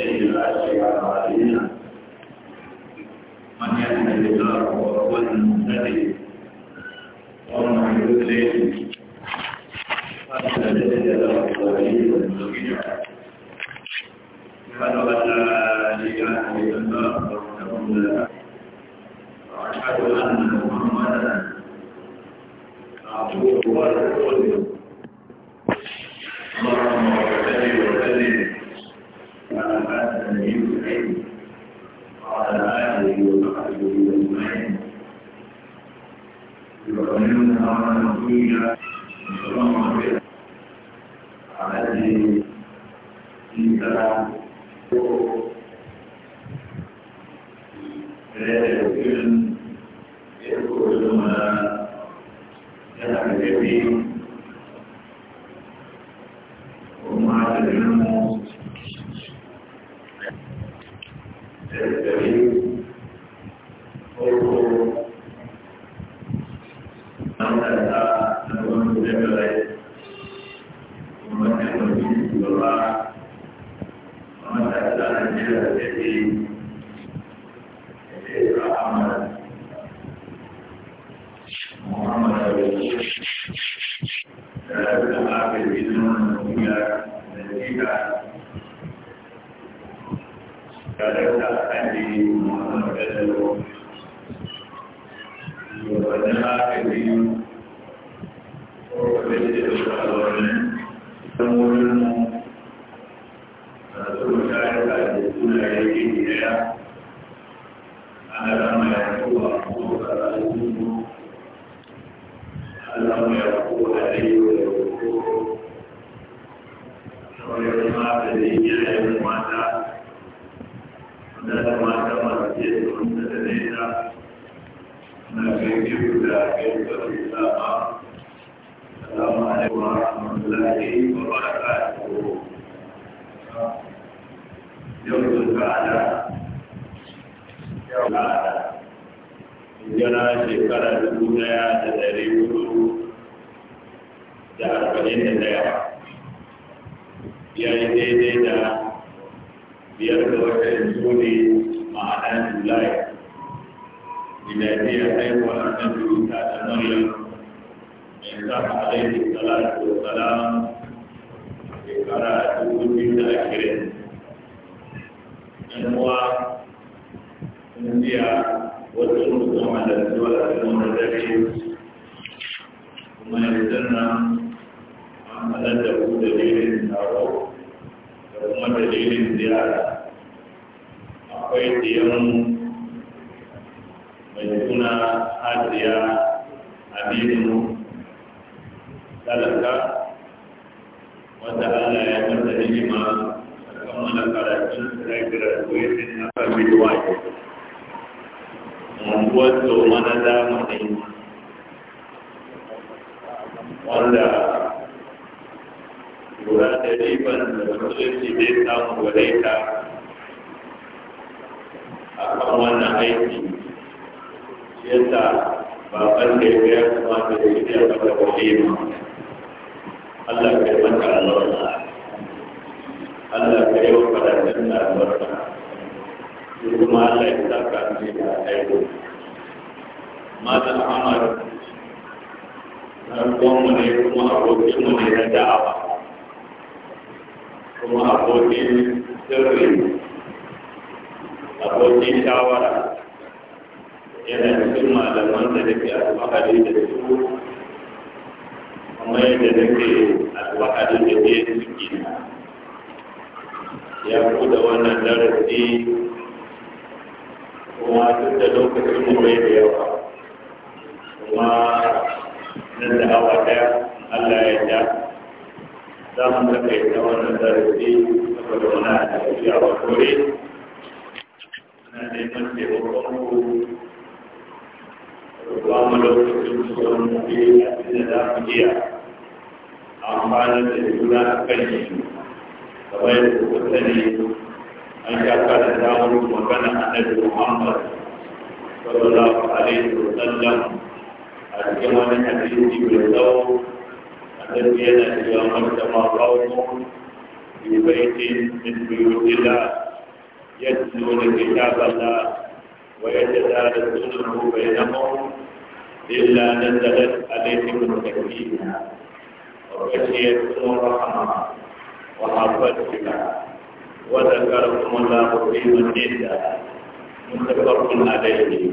من يحمل الله وهو المهتدي ومن يضلل da iyayen mata da da mata masu iya tsoron da nesa na da gaggir yau sun yau shekara dubu daya da dari hudu da arba'in da daya ya yi daidai da biyar da watan juni ma'ana julai miladiyar haihuwar annabi isa da maryam isa alaihi salatu wa salam shekara dubu biyu da ashirin yan uwa sun biya wasu musamman da zuwa da kuma dare kuma yanzu nan an halar da ku da jirin taro da kuma dalilin ziyara akwai diyan mai suna hadiya aminu talaka wanda allah ya mata hikima a kammala karatun da graduation a kan midwife unguwar zoma na wanda lura da riban da musulunci zai samu gare ta a kan wannan aiki shi yasa baban da ya kuma da ya yi da mata ma? Allah ka yi mata albarka Allah ka yi wa faɗaɗin da albarka kuma Allah ya saka ne da aiko mata Ahmad na kuma ne kuma abokin mu ne na da'awa kuma abokin sirri abokin shawara yana cikin malaman da nake alfahari da su kuma yadda nake alfahari da ke ciki ya da wannan darasi kuma duk da lokacin mu bai da yawa kuma nan da hawa daya Allah ya ja za mu tafi da wannan darasi saboda wani tafiya wa kore na neman taimakon ku ba mu lokacin su don mu yi abin da za mu iya amfani da juna a kan yi kamar yadda ku sani an sha kada ta wani magana annabi Muhammad sallallahu alaihi wa sallam a cikin wani hadisi mai tsawo الذي ينهي ومجتمع قوم في بيت من بيوت الله يتلون كتاب الله ويتدارسونه بينهم إلا نزلت عليهم السكينة وبشرتهم الرحمة وحفظتها وذكركم الله في من متفق عليه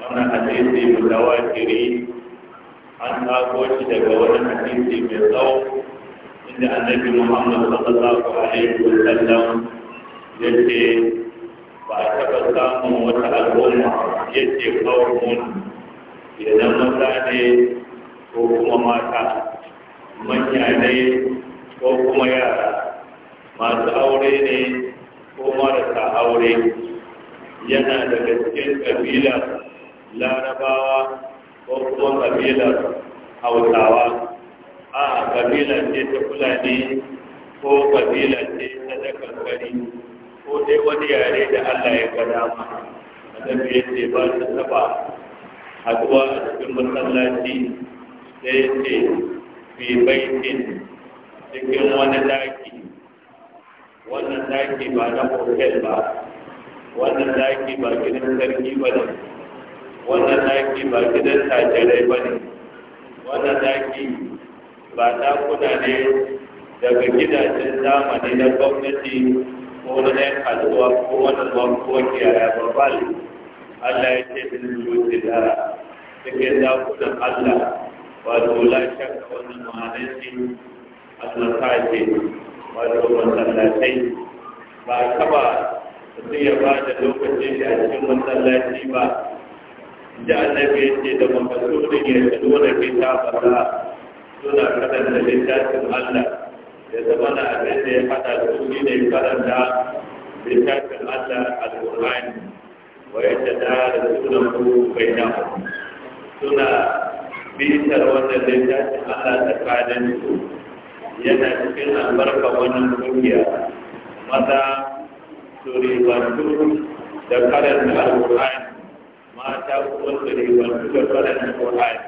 وانا حديثي متواتري an kago shi daga wani hadisi mai tsawo inda annabi muhammad sallallahu alaihi wa sallam ya ce ba a taɓa samun wata al'umma ya ce kawai idan maza ne ko kuma mata manya ne ko kuma yara masu aure ne ko marasa aure yana daga cikin ƙabila larabawa kuma kabilar hausawa a kabila ce ta fulani ko kabila ce ta dakalkari ko dai wani yare da allah ya ga a annabi ya ce ba su taba haduwa a cikin masallaci da ya ce fi baitin cikin wani daki wannan daki ba na hotel ba wannan daki ba gidan sarki ba ne wannan daki ba gidan tajirai ba ne wannan daki ba dakuna ne daga gidajen zamani na gwamnati ko na ɗan kasuwa ko wani bankuwa kiyaya babal Allah ya ce bin zuwa da cikin dakunan Allah wato la shakka wannan ma'anar shi al-masaji wato masallatai ba taba mutum ya ba da lokacin da a cikin masallaci ba da annabi ya ce da makasudin ya shigo da kitabarsa suna karanta littafin Allah ya zama na abin da ya fada da su ne karanta littafin Allah al-Qur'ani wa ya tada da suna ku bai na suna bitar wannan littafin Allah tsakanin su yana cikin albarka wannan kungiya maza su ribantu da karanta al-Qur'ani mata kuma su ribantu da kalan Qur'ani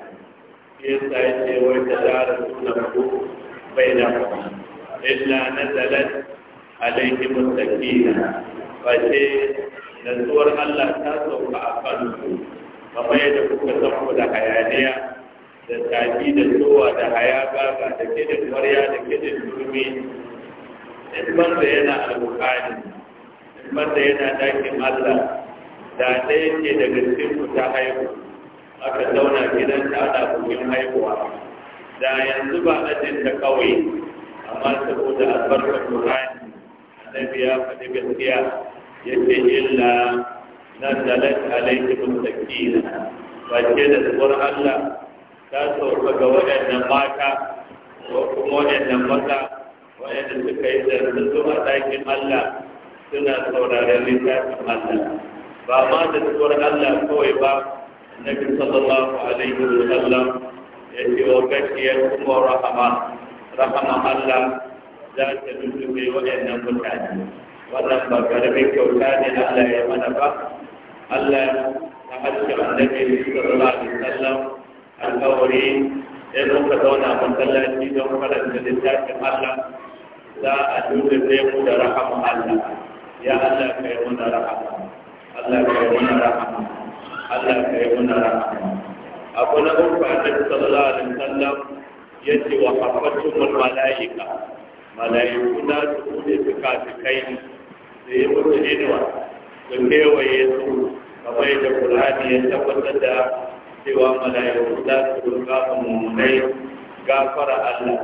yasa yake wai da zara suna ku bai da kuma illa nazalat alaihi mustaqina wace nasuwar Allah ta sauka a Ba kamar da kuka san da hayaniya da tafi da tsowa da hayaka ga da kidin kwarya da kidin turmi in da yana alƙur'ani in da yana dakin Allah da ɗaya ce daga cikin ta haihu aka zauna gidan ta ana bukin haihuwa da yanzu ba ajin ta kawai amma saboda albarka Qur'ani annabi ya faɗi gaskiya ce illa nazalat alayhi mustaqina wace da tsoron Allah ta tsorka ga waɗannan mata ko kuma waɗannan maza waɗanda suka yi zarzuzu a ɗakin Allah suna sauraren littafin Allah فماذا تقول ألا كويبا النبي صلى الله عليه وسلم يجي وكشي يكون رحمة رحمة الله ذات نسوك وإن متعد ولما قربك وكان ألا يمنك ألا تحدث عن النبي صلى الله عليه وسلم الأولين إنه كدونا من الله أن فلن تدتاك الله لا أدود الزيق رحمة الله يا الله كيونا رحمة الله Allah ka yi muna rahama Allah ka yi muna rahama abu na uku da sallallahu alaihi ya yace wa hafatul malaika malaiku na su ne suka kai su yi mutu inuwa da kewaye su kamar da Qur'ani ya tabbatar da cewa malaiku za su roƙa mummunai gafara Allah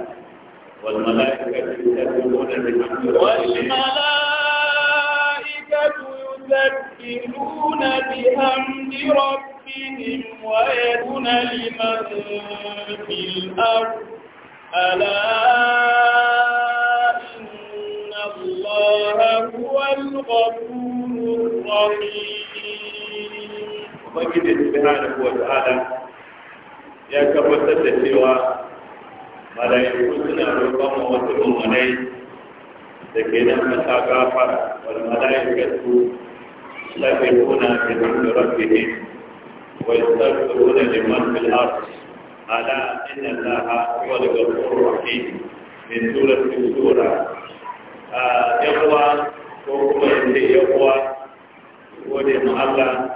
wal malaikatu tasbihuna bi hamdi rabbihim wal malaikatu يستكبرون بحمد ربهم ويدون لمن في الأرض ألا إن الله هو الغفور الرحيم وبكده سبحانه وتعالى يا كفتة سوى mala'iku suna roƙon wasu mummunai da ke nan masa gafara wal mala'ikatu يسبحون بحمد ربهم ويستغفرون لمن في الأرض ألا إن الله هو الغفور الرحيم من سورة سورة يقوى وكما ينتهي يقوى ودي الله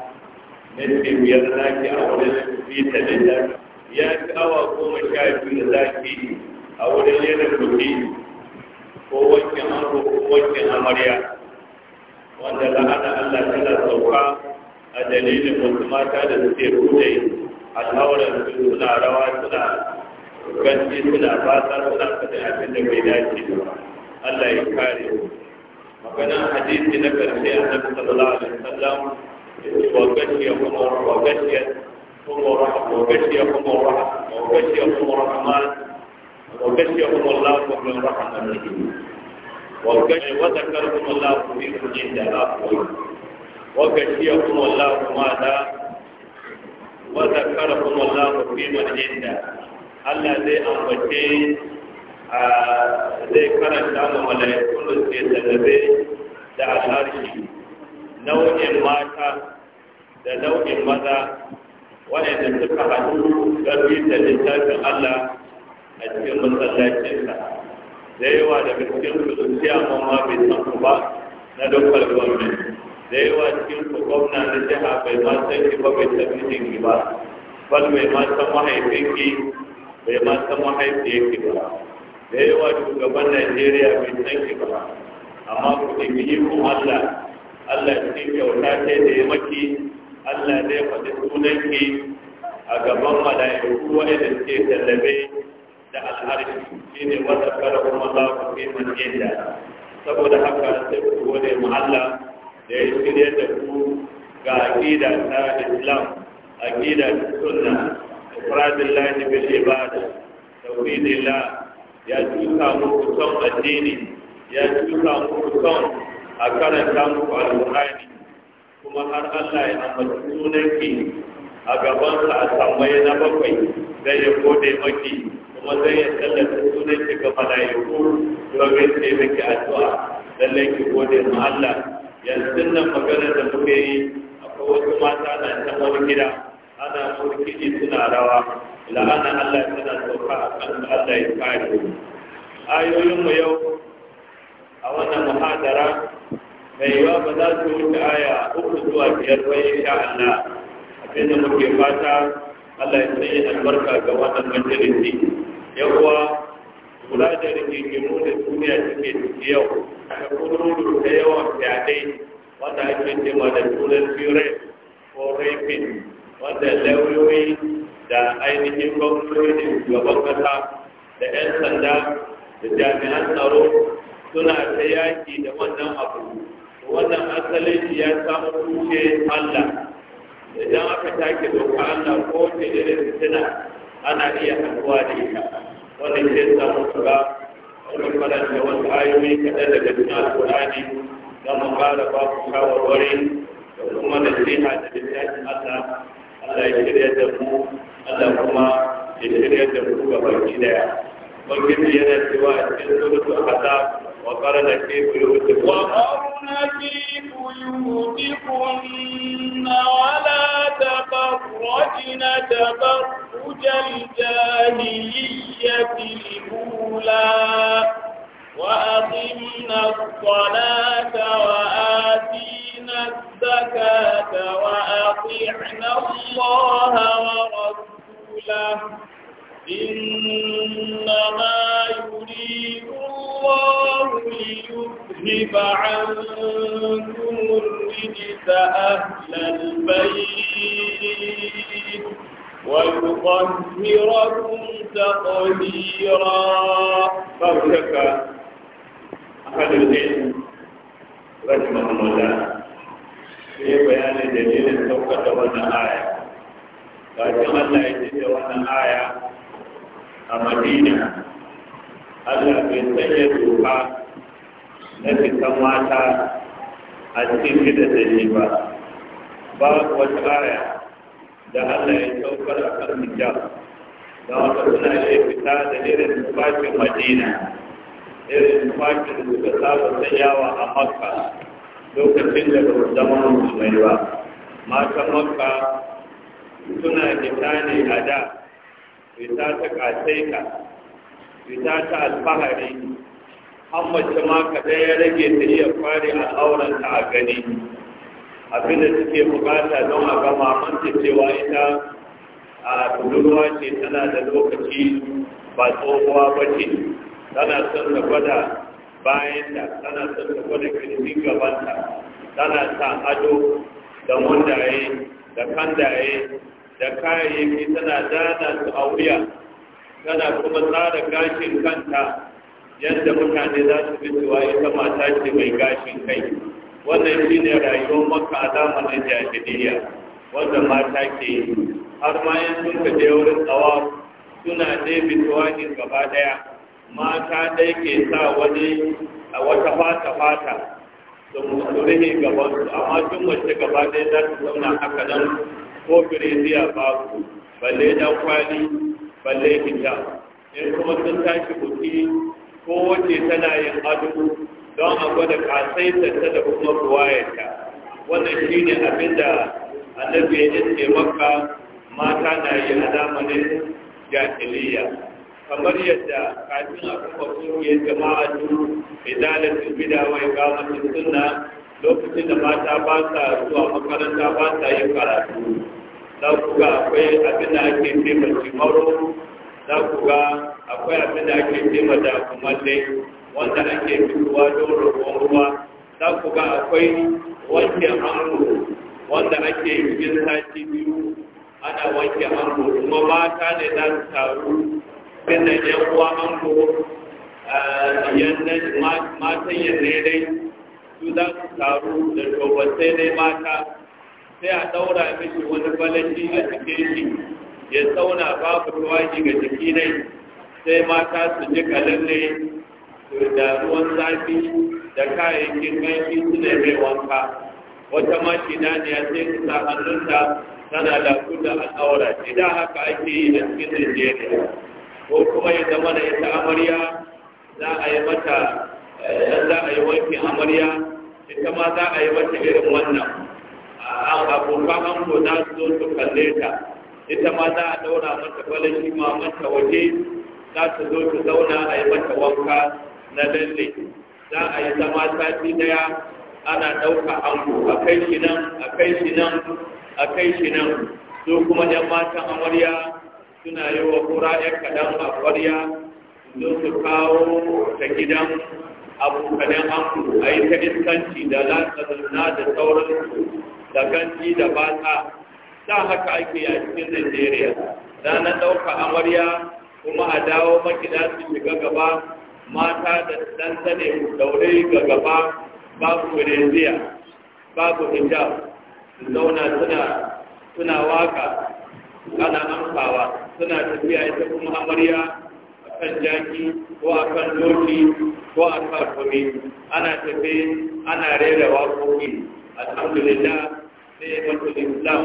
نسي ويرناك أولا في تلك يا كاوى قوم شايف لذاكي أولا ينبكي ووجه أمره ووجه أمريا wanda la'ana Allah tana sauka a dalilin wasu mata da suke kuɗe al'auran su suna rawa suna ganci suna fasa suna faɗi abin da bai dace ba Allah ya kare maganan hadisi na karshe annabi sallallahu alaihi wasallam wa gashiyahum wa gashiyahum وغشيهم الرحمن وغشيهم الله من رحمته وغشي وذكركم الله فيكم عند الآخرين وغشيكم الله ماذا وذكركم الله فيمن عنده Allah zai ambace zai karanta ga malaikun da suke talabe da alharshi nau'in mata da nau'in maza waɗanda suka haɗu don bisa littafin Allah a cikin masallacinsa. da yawa daga cikin su ciyaman ma bai san ku ba na dokar gwamnati da yawa cikin ku gwamna na jiha bai ma san ki ba bai san mijin ki ba bal bai ma san mahaifin ki bai ma san mahaifiyar ki ba da yawa shugaban najeriya bai san ki ba amma ku ɗin yi ku allah allah cikin kyauta ce da ya maki allah zai faɗi ki a gaban mala'iku waɗanda ce tallabe da al'arfi shi ne wata kara kuma za ku fi inda saboda haka sai ku gode mu Allah da ya shirya da ku ga aqida ta Islam aqida ta sunna lahi bil ibada la, ya tuka muku son addini ya tuka muku son a karanta muku alqur'ani kuma har Allah ya ambaci sunanki a gabansa a tambaye na bakwai zai ya gode maki kuma zai ya tallata sunan ki ga mala'iku domin ce miki addu'a lallai ki gode ma Allah yanzu nan magana da muke yi akwai wasu mata na ta wani gida ana musu suna rawa la'ana Allah tana sauka a kan Allah ya kare ayoyinmu yau a wannan muhadara mai yiwa ba za su wuce aya uku zuwa biyar ba insha Allah abinda muke fata Allah ya sanya albarka ga wannan majalisi yawa kula da rigingimu da duniya suke ciki yau da kudururu da yawan fyaɗe wanda ake cewa da tunan fure ko raifin wanda lauyoyi da ainihin gwamnati gaban kasa da 'yan sanda da jami'an tsaro suna ta yaƙi da wannan abu wannan asalin shi ya samu tushe Allah idan aka take doka Allah ko ce irin fitina ana iya haɗuwa da ita wannan ke samu shiga wani faranta wasu ayoyi kaɗan daga cikin alƙur'ani don mu ƙara ba ku shawarwari da kuma nasiha da littafin masa, Allah ya shirya da mu Allah kuma ya shirya da mu gaba ki daya. Ubangiji yana cewa a cikin suratul Ahzab وقرن في بيوتكم وقرن في بيوتكن ولا تبرجن تبرج الجاهلية الأولى وأقمنا الصلاة mahiratun ta ƙolira ba ku daga a kanar ne rashin mahimmata ne bayanin dalilin saukata wannan aya ba shi allah ya ce wannan aya a madina allah bai sanya doka na cikin mata a cikin gidan da ba ba wata aya da allah ya su da da wata suna shi fita da irin tufafin madina irin tufafin da suka saba yawa a makka lokacin da ba zama musulmai ba matan makka suna fita ne a da fita ta kasaika fita ta alfahari an mace ma kaɗai ya rage ta iya fari kware al'auranta a gani abinda suke bukata don a gama manta cewa ita a budurwa ce tana da lokaci ba tsohuwa ba ce tana son da gwada bayan da tana son da gwada kirjin gabanta tana sa ado da mundaye da kandaye da kayayyaki tana dana su a wuya tana kuma tsara gashin kanta yadda mutane za su fi cewa ita mata ce mai gashin kai wannan shine rayuwar maka a zamanin jahiliya wanda mata ke yi har ma yin sun ka je wurin tsawa suna bituwa ne gaba daya mata dai ke sa wani a wata fata fata da ne gaba su amma tun mace gaba daya za su zauna haka nan ko ba ku. balle dan kwali balle hija in kuma sun tashi buki ko wace tana yin ado don a gwada kasaita ta da kuma buwayarta wannan shine abin da annabi ya ce makka mata na yi a zamanin jahiliya kamar yadda kafin a kuma kungiyar jama'a su su bida wa ikamatu sunna lokacin da mata ba sa zuwa makaranta ba sa yin karatu za ku ga akwai abin da ake ce ma za ku ga akwai abin da ake ce ma dakumalle wanda ake fitowa don roƙon ruwa za ku ga akwai wanke hannu wanda ake yin sati biyu ana wanke ango kuma mata ne za su taru suna yan uwa ango yannan matan yanne dai su za su taru da sai dai mata sai a daura mishi wani balaji a cikin shi ya sauna babu tuwaji ga jiki ne. sai mata su ji kalalle da ruwan zafi da kayayyakin ganshi su ne mai wanka wata makidaniya ce, ta sa hannunta tana da kuda tsawara. idan haka ake yi a cikin nigeria ko kuma ya zama da ita amarya za a yi mata dan eh, za a yi wanki amarya ita ma za a yi mata irin wannan ah, A abokan ango za su zo su kalle ta ita ma za a daura mata balashi ma mata waje za su zo su zauna a yi mata wanka na lalle za a yi zama sati daya ana ɗauka ango a kai shi nan a kai shi nan a kai shi nan su kuma ‘yan matan amarya suna yi wa kura ɗan kaɗan a ƙwarya su su kawo ta gidan abokanen ango a yi ta iskanci da lantarki da su da ganci da bata ta haka ake yi a cikin Najeriya ranar ɗauka amarya kuma a dawo magida su shiga gaba mata da ɗan sane daure ga gaba babu reziya babu hijab zauna suna suna waka ana amfawa suna tafiya ita kuma amarya a kan jaki ko a kan doki ko a kan kome ana tafi ana rera waƙoƙi alhamdulillah sai mutu islam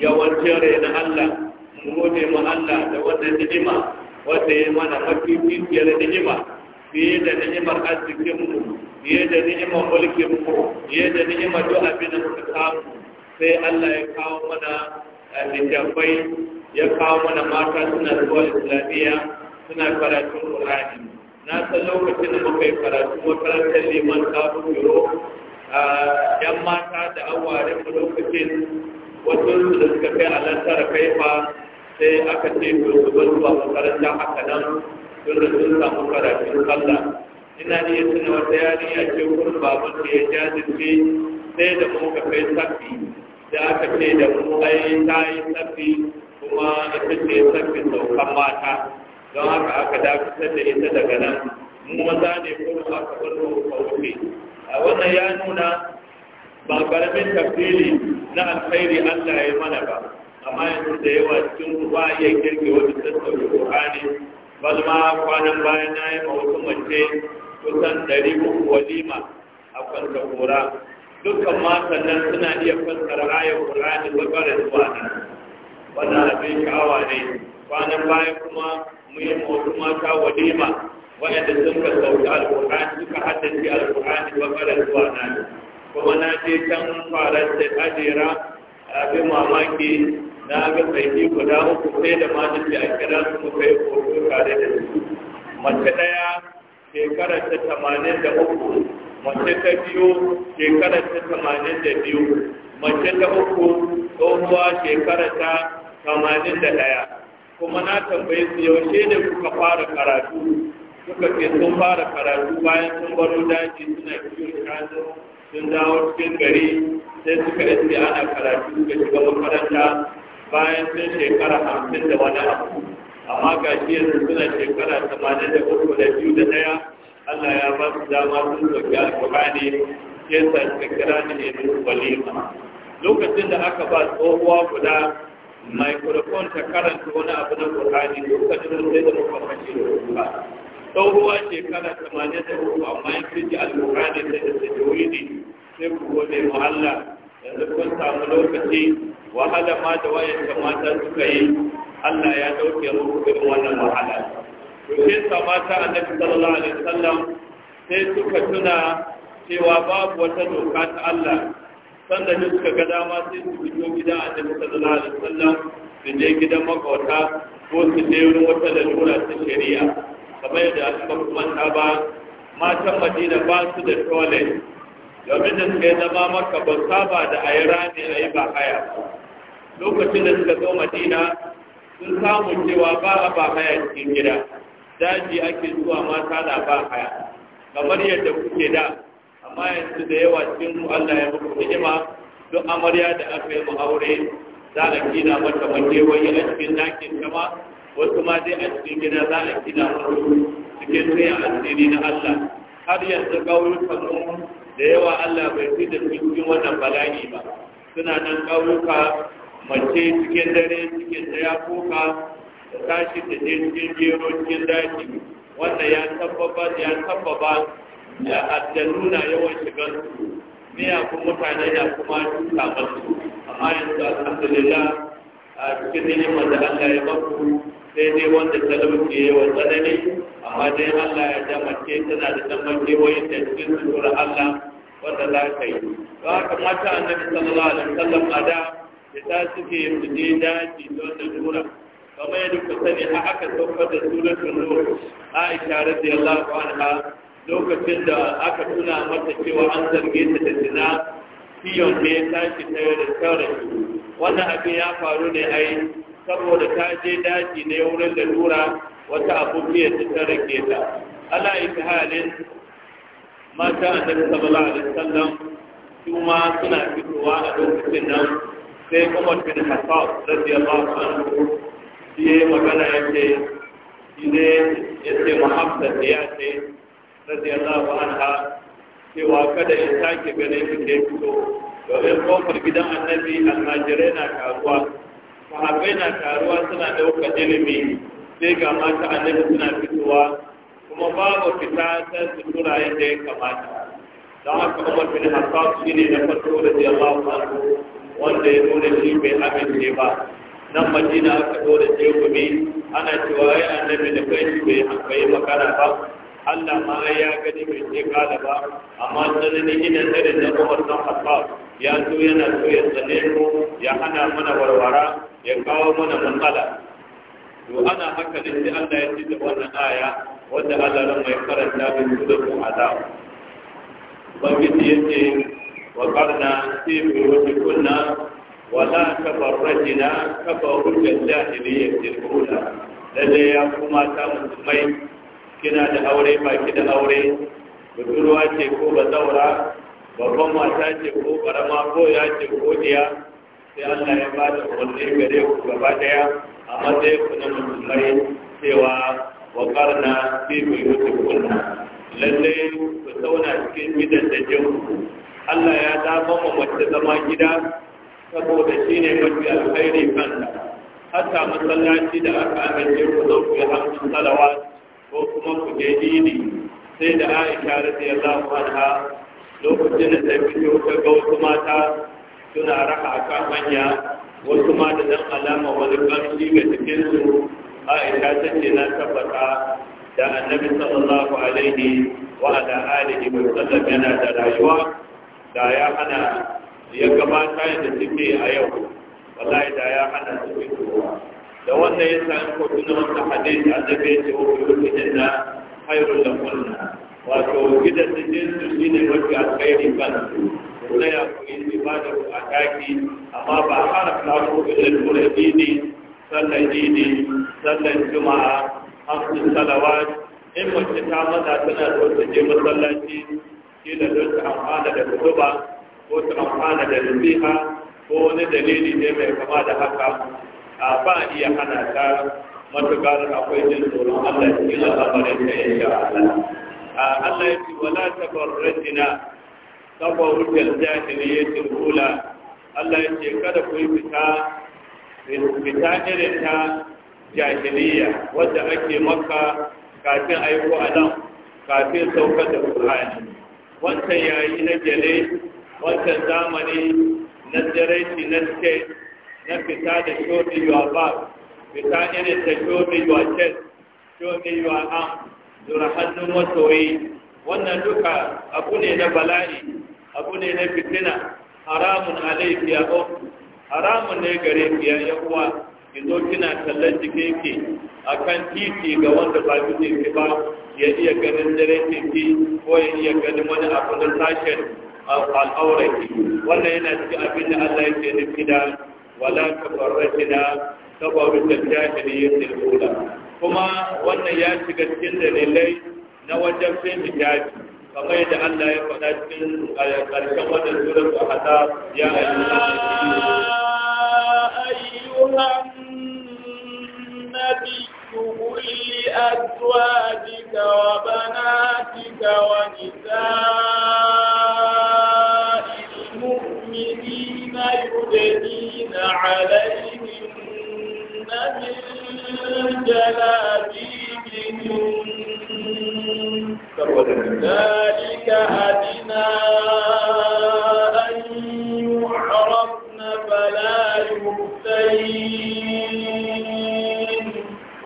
yawancin rena allah mu gode mu allah da wannan ni'ima wanda ya mana mafi fifiyar ni'ima fiye da ni'imar arzikin mu fiye da ni'imar mulkin mu fiye da ni'imar duk abin da muka samu sai Allah ya kawo mana eh, littafai ya kawo mana mata suna zuwa islamiyya suna karatun Qur'ani na san lokacin da muka yi karatu makarantar liman sabon biro eh, yan mata da awarin mu lokacin wasu da suka kai alantar fa, sai aka ce su zuwa makaranta haka nan tun da sun samu karatun sallah ina iya tuna wata yarinya ce wurin baban da ya jajirce sai da muka kai sabbi da aka ce da mu ai ta yi sabbi kuma ita ce sabbi saukan mata don haka aka dakatar da ita daga nan mu maza ne ko ba ka bar mu kauce a wannan ya nuna ba karamin tafsiri na alkhairi Allah ya mana ba amma yanzu da yawa cikin ba iya kirge wani sassan Qur'ani balma kwanan bayan na yi mawutu mace kusan ɗari uku walima a kwanta kura dukkan ma sannan suna iya fassara ayar da bakara zuwa nan wani abin sha'awa ne kwanan baya kuma muyi mawutu mata walima waɗanda sun ka sauki alƙur'ani suka haddace da bakara zuwa nan kuma na je can fara faransa ajera abin mamaki na ga sai guda uku sai da majalci a kira su muka yi hoto tare da su mace ɗaya shekarar ta tamanin da uku mace ta biyu shekarar ta tamanin da biyu mace ta uku tsohuwa shekarar ta tamanin da ɗaya kuma na tambaye su yaushe ne kuka fara karatu suka ce sun fara karatu bayan sun baro daji suna kiwon shanu sun dawo cikin gari sai suka iske ana karatu suka shiga makaranta bayan sun shekara hamsin da wani abu amma ga shi yanzu suna shekara tamanin da uku da biyu da ɗaya Allah ya ba su dama sun zoki alkurani ke sa suka kira ni ne duk walima lokacin da aka ba tsohuwa guda microphone ta karanta wani abu na Qur'ani, lokacin sai da muka fashe da ba tsohuwa shekara tamanin da uku amma ya fi ji alƙur'ani sai da tajwidi sai ku gode mu Allah yanzu kun samu lokaci wahala ma da wayan mata suka yi Allah ya dauke muku irin wannan wahala to sai sa mata annabi sallallahu alaihi wasallam sai suka tuna cewa babu wata doka ta Allah sanda da suka ga dama sai su fito gidan annabi sallallahu alaihi wasallam su je gidan makwata ko su je wurin wata lalura ta shari'a kamar yadda aka ta ba matan Madina ba su da toilet domin da suka yi zama maka ba saba da a yi rami a yi ba haya lokacin da suka zo madina sun samu cewa ba a ba haya cikin gida daji ake zuwa mata na ba haya kamar yadda kuke da amma yanzu da yawa cikin mu Allah ya muku ni'ima duk amarya da aka yi mu aure za a kina mata wani a cikin dakin kama wasu ma dai a cikin gida za a kina mata cikin a asiri na Allah har yanzu ƙauyukan mu da yawa Allah bai fi da cikin wannan bala'i ba suna nan ƙauyuka mace cikin dare cikin daya koka da tashi da je cikin gero cikin daji Wannan ya sabbaba ya tabbaba da addanuna yawan shigar su kuma mutane da kuma duka masu amma yanzu alhamdulillah a cikin neman da Allah ya baku sai dai wanda talauci ya wa tsanani amma dai Allah ya dama ce tana da saman kewayen da cikin sura Allah wanda za ka yi to haka mata annabi sallallahu alaihi wasallam a da da ta suke su je daji don da tura kamar yadda ku sani a aka saukar da suratul nur Aisha radiyallahu anha lokacin da aka tuna mata cewa an zarge ta da zina Siyon ne ya tashi ta da saurayi wannan abin ya faru ne a yi. saboda ta je daji ne wurin da lura wata abubuwa ta ta ke ta ala yi halin mata a sabala sallallahu sallam wasallam kuma suna fitowa a lokacin nan sai kuma bin hafa radiyallahu anhu shi ya yi magana ya ce shi ne ya ce mahamsa da ya ce radiyallahu anha cewa kada ya sake ganin shi ke fito domin kofar gidan annabi almajirai na karuwa sahabai na taruwa suna ɗaukar ilimi sai ga mata annabi suna fitowa kuma babu fita ta sutura yadda ya kamata Da haka umar bin hassan shi ne na farko da jallahu anhu wanda ya nuna shi bai amince ba nan madina aka dole je ana cewa ya annabi da kai shi bai hankali magana ba Allah ma ya gani bai ce kada ba amma ne ina tare na Umar dan Khattab ya so yana so ya tsane mu ya hana mana warwara ya kawo mana matsala to ana haka ne sai Allah ya da wannan aya wanda Allah mai karanta bin ku azab ubangiji yace wa qarna fi kunna wa la tafarrajna kafaru bil jahiliyyati al-ula lalle ya kuma ta mutumai kina da aure ba ki da aure budurwa ce ko ba zaura babban mata ce ko karama ko ya ce ko diya sai Allah ya ba da umarni gare ku gaba daya a matsayin ku na musulmai cewa wa karna fi wuce kunna lalle ku zauna cikin gidan da jin Allah ya dama mu mace zama gida saboda shine mafi alkhairi kanta hatta masallaci da aka amince ku zo salawat ko kuma ku je dini sai da aisha radiyallahu anha lokacin da ta fito ta ga wasu mata suna raka ka manya wasu ma da dan alama wani kamshi ga jikinsu aisha ta ce na tabbata da annabi sallallahu alaihi wa ala alihi wa sallam yana da rayuwa da ya hana ya gabata da suke a yau wallahi da ya hana su fitowa da wanda ya sami kotu na wata hadis a zabe ya ce wa fi wuce da hairun da kwanna wato gidan da jin su shi ne mafi alkhairi kan su kula ya kuri su ba da ku a taki amma ba hana kawo ilil kula dini sallan dini sallan juma'a hamsin salawat in mace ta maza tana da wata je masallaci shi da don ta amfana da kutuba ko ta amfana da nasiha ko wani dalili ne mai kama da haka a ba iya hana ta matuƙar akwai jin tsoron Allah cikin al'amarin ta ya sha Allah Allah ya ce wala tabarrajina ya ce ula Allah ya ce kada ku yi fita fita irin ta jahiliya wadda ake maka kafin aiko a nan kafin saukar da Qur'ani wancan yayi na gele wancan zamani na tsiraiti na ce, na fita da show me your back fita irin da show me your chest show me your arm zura hannun masoyi wannan duka abu ne na bala'i abu ne na fitina haramun alaifi ɗo, haramun ne gare ki ya yawa ki zo kina kallon jikin ki kan titi ga wanda ba ki ke ba ya iya ganin dare titi ko ya iya ganin wani abu na sashen al'aurar wannan yana cikin abin da Allah yake nufi da wala tafarrajina tabarrujan jahiliyyatil ula kuma wannan ya shiga cikin dalilai na wajen fin hijabi kamar yadda Allah ya faɗa cikin ƙarshen wannan surar su hada ya ayyuhan nabi قل لأزواجك وبناتك ونساء المؤمنين يدنين عليهن من جلابيبهم ذلك أدنى أن يعرفن فلا يؤذين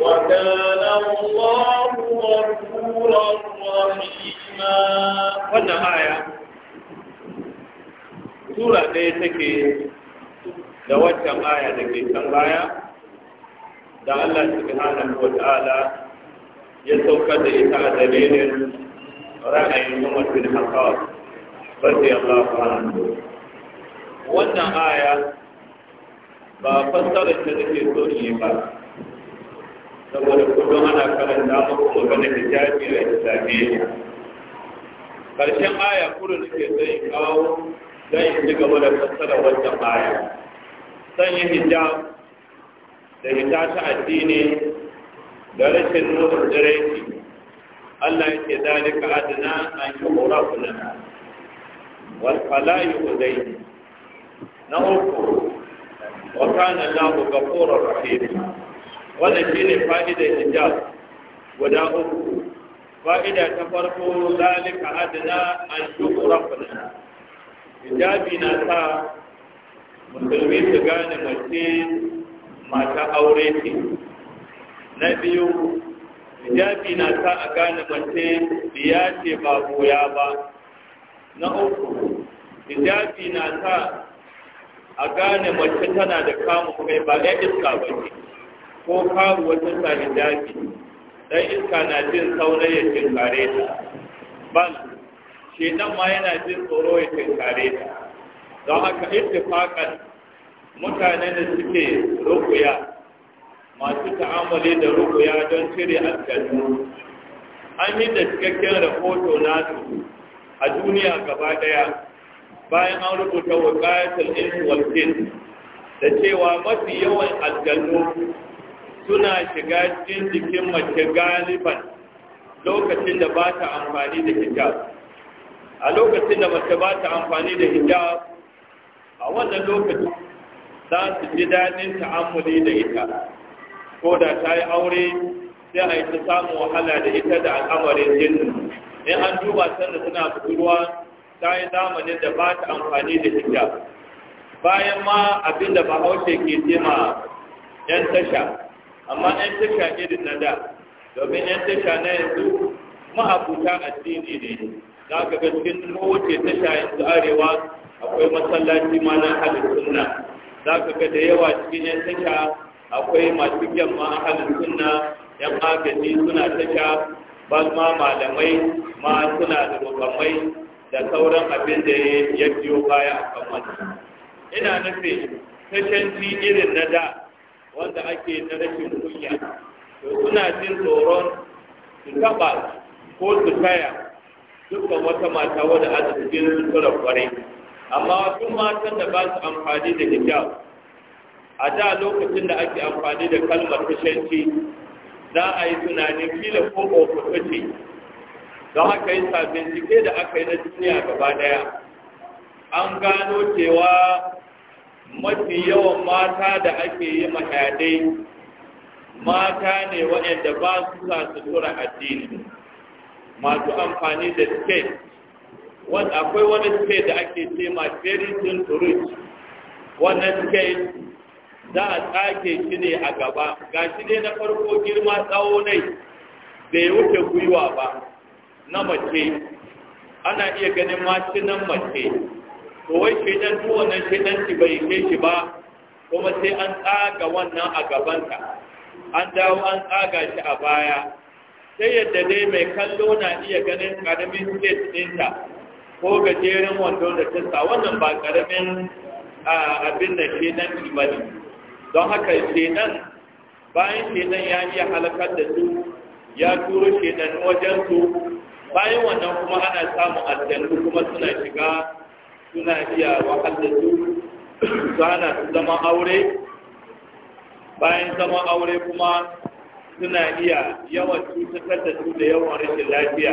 وكان الله غفورا رحيما. sura ɗaya take da waccan aya da ke can baya da Allah subhanahu wa ta'ala ya sauka da ita a dalilin ra'ayin Umar bin Khattab radiyallahu anhu wannan aya ba fassara ta take so yi ba saboda kullum ana karanta muku maganar hijabi da islamiyya karshen aya kudu nake ke in kawo don in ci gaba da fassara wancan son yi hijab da hita ta addini da rashin nufin direki Allah yake zalika adana an yi hura kulana wal falayu udaini na uku wa kana Allahu ghafurur rahim wannan shine fa'ida hijab guda uku fa'ida ta farko zalika adana an yi hura kulana hijabi na sa musulmi su gane mace mata aure ce na biyu hijabi na sa a gane mace biya ce ba goya ba na uku hijabi na sa a gane mace tana da kamun kai ba ya iska ba ce ko kawo wata sa hijabi ɗan iska na jin saurayin kare ta ba shedan ma yana jin tsoro ya tinkare ta don haka ittifakan mutanen da suke rukuya masu ta'amali da rukuya don cire aljanu an yi da cikakken rahoto nasu a duniya gaba daya bayan an rubuta wa insu wal da cewa mafi yawan aljanu suna shiga cikin jikin mace galiban lokacin da ba ta amfani da hijab a lokacin da mace ba ta amfani da hijab a wannan lokacin za su ji daɗin ta'ammuli da ita ko da ta yi aure sai a yi ta samun wahala da ita da al'amarin jinnu in an duba sanda suna budurwa ta yi zamanin da ba ta amfani da hijab bayan ma abin da bahaushe ke cema yan tasha amma yan tasha irin na da domin yan tasha na yanzu ma'abuta addini ne za ka ga cikin kowace tasha yanzu arewa akwai masallaci ma na halin sunna za ka ga da yawa cikin yan tasha akwai masu gyamma a halin sunna yan agaji suna tasha ba ma malamai ma suna da makamai da sauran abin da ya biyo baya a kan wani ina nufi tashanci irin na da wanda ake na rashin kunya to suna jin tsoron su taɓa ko su kaya dukkan wata mata wadda a cikin suturar kwarai amma duk matan da ba su amfani da hijab a da lokacin da ake amfani da kalmar kushanci za a yi tunanin fila ko ofoto ce don haka yi sabbin jike da aka yi na duniya gaba daya an gano cewa mafi yawan mata da ake yi mahadai mata ne waɗanda ba su sa su tura addini masu amfani da skate wanda akwai wani skate da ake ce ma very soon to reach wannan skate za a tsake shi ne a gaba ga shi ne na farko girma tsawo nai bai wuce gwiwa ba na mace ana iya ganin nan mace to wai shedan duk wannan shi bai ke shi ba kuma sai an tsaga wannan a gabanta an dawo an tsaga shi a baya Sai yadda dai mai kallo na iya ganin karamin plate ɗinta ko gajeren wando da tasa wannan ba karamin abin da ke nan ba don haka nan bayan nan ya iya halakar da su ya turo nan wajen su bayan wannan kuma ana samun aljannu kuma suna shiga suna iya wahal da su su ana zama aure bayan zama aure kuma suna iya yawan cutar da su da yawan rashin lafiya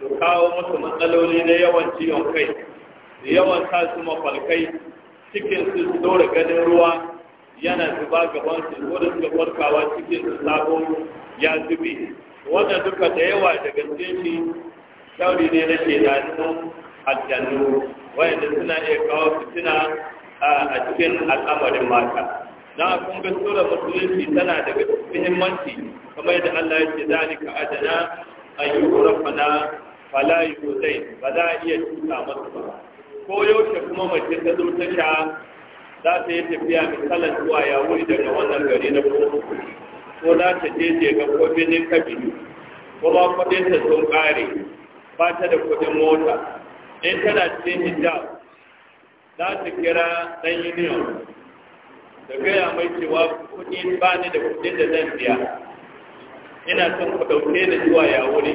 su kawo musu matsaloli na yawan ciwon kai da yawan sa su mafalkai cikin su su dora ganin ruwa yana zuba gaban su ko da farkawa cikin su sabo ya zubi Wannan duka da yawa daga cikin shi shauri ne na shaidanu aljannu wayanda suna iya kawo fitina a cikin al'amarin mata na kun ga sura musulunci tana daga muhimmanci kamar da Allah ya ce zalika adana ayyurafana fala yuzai ba za a iya tuta masu ba ko yaushe kuma mace ta zo ta sha za ta yi tafiya misalan zuwa ya wuri daga wannan gari na kuma ko za ta je je ga ko binin kabili ko ba kuɗin ta sun ƙare ba ta da kuɗin mota in tana cikin hijab za ta kira ɗan union da gaya mai cewa kuɗi ba ni da kuɗin da zan biya ina son ku ɗauke da zuwa ya wuri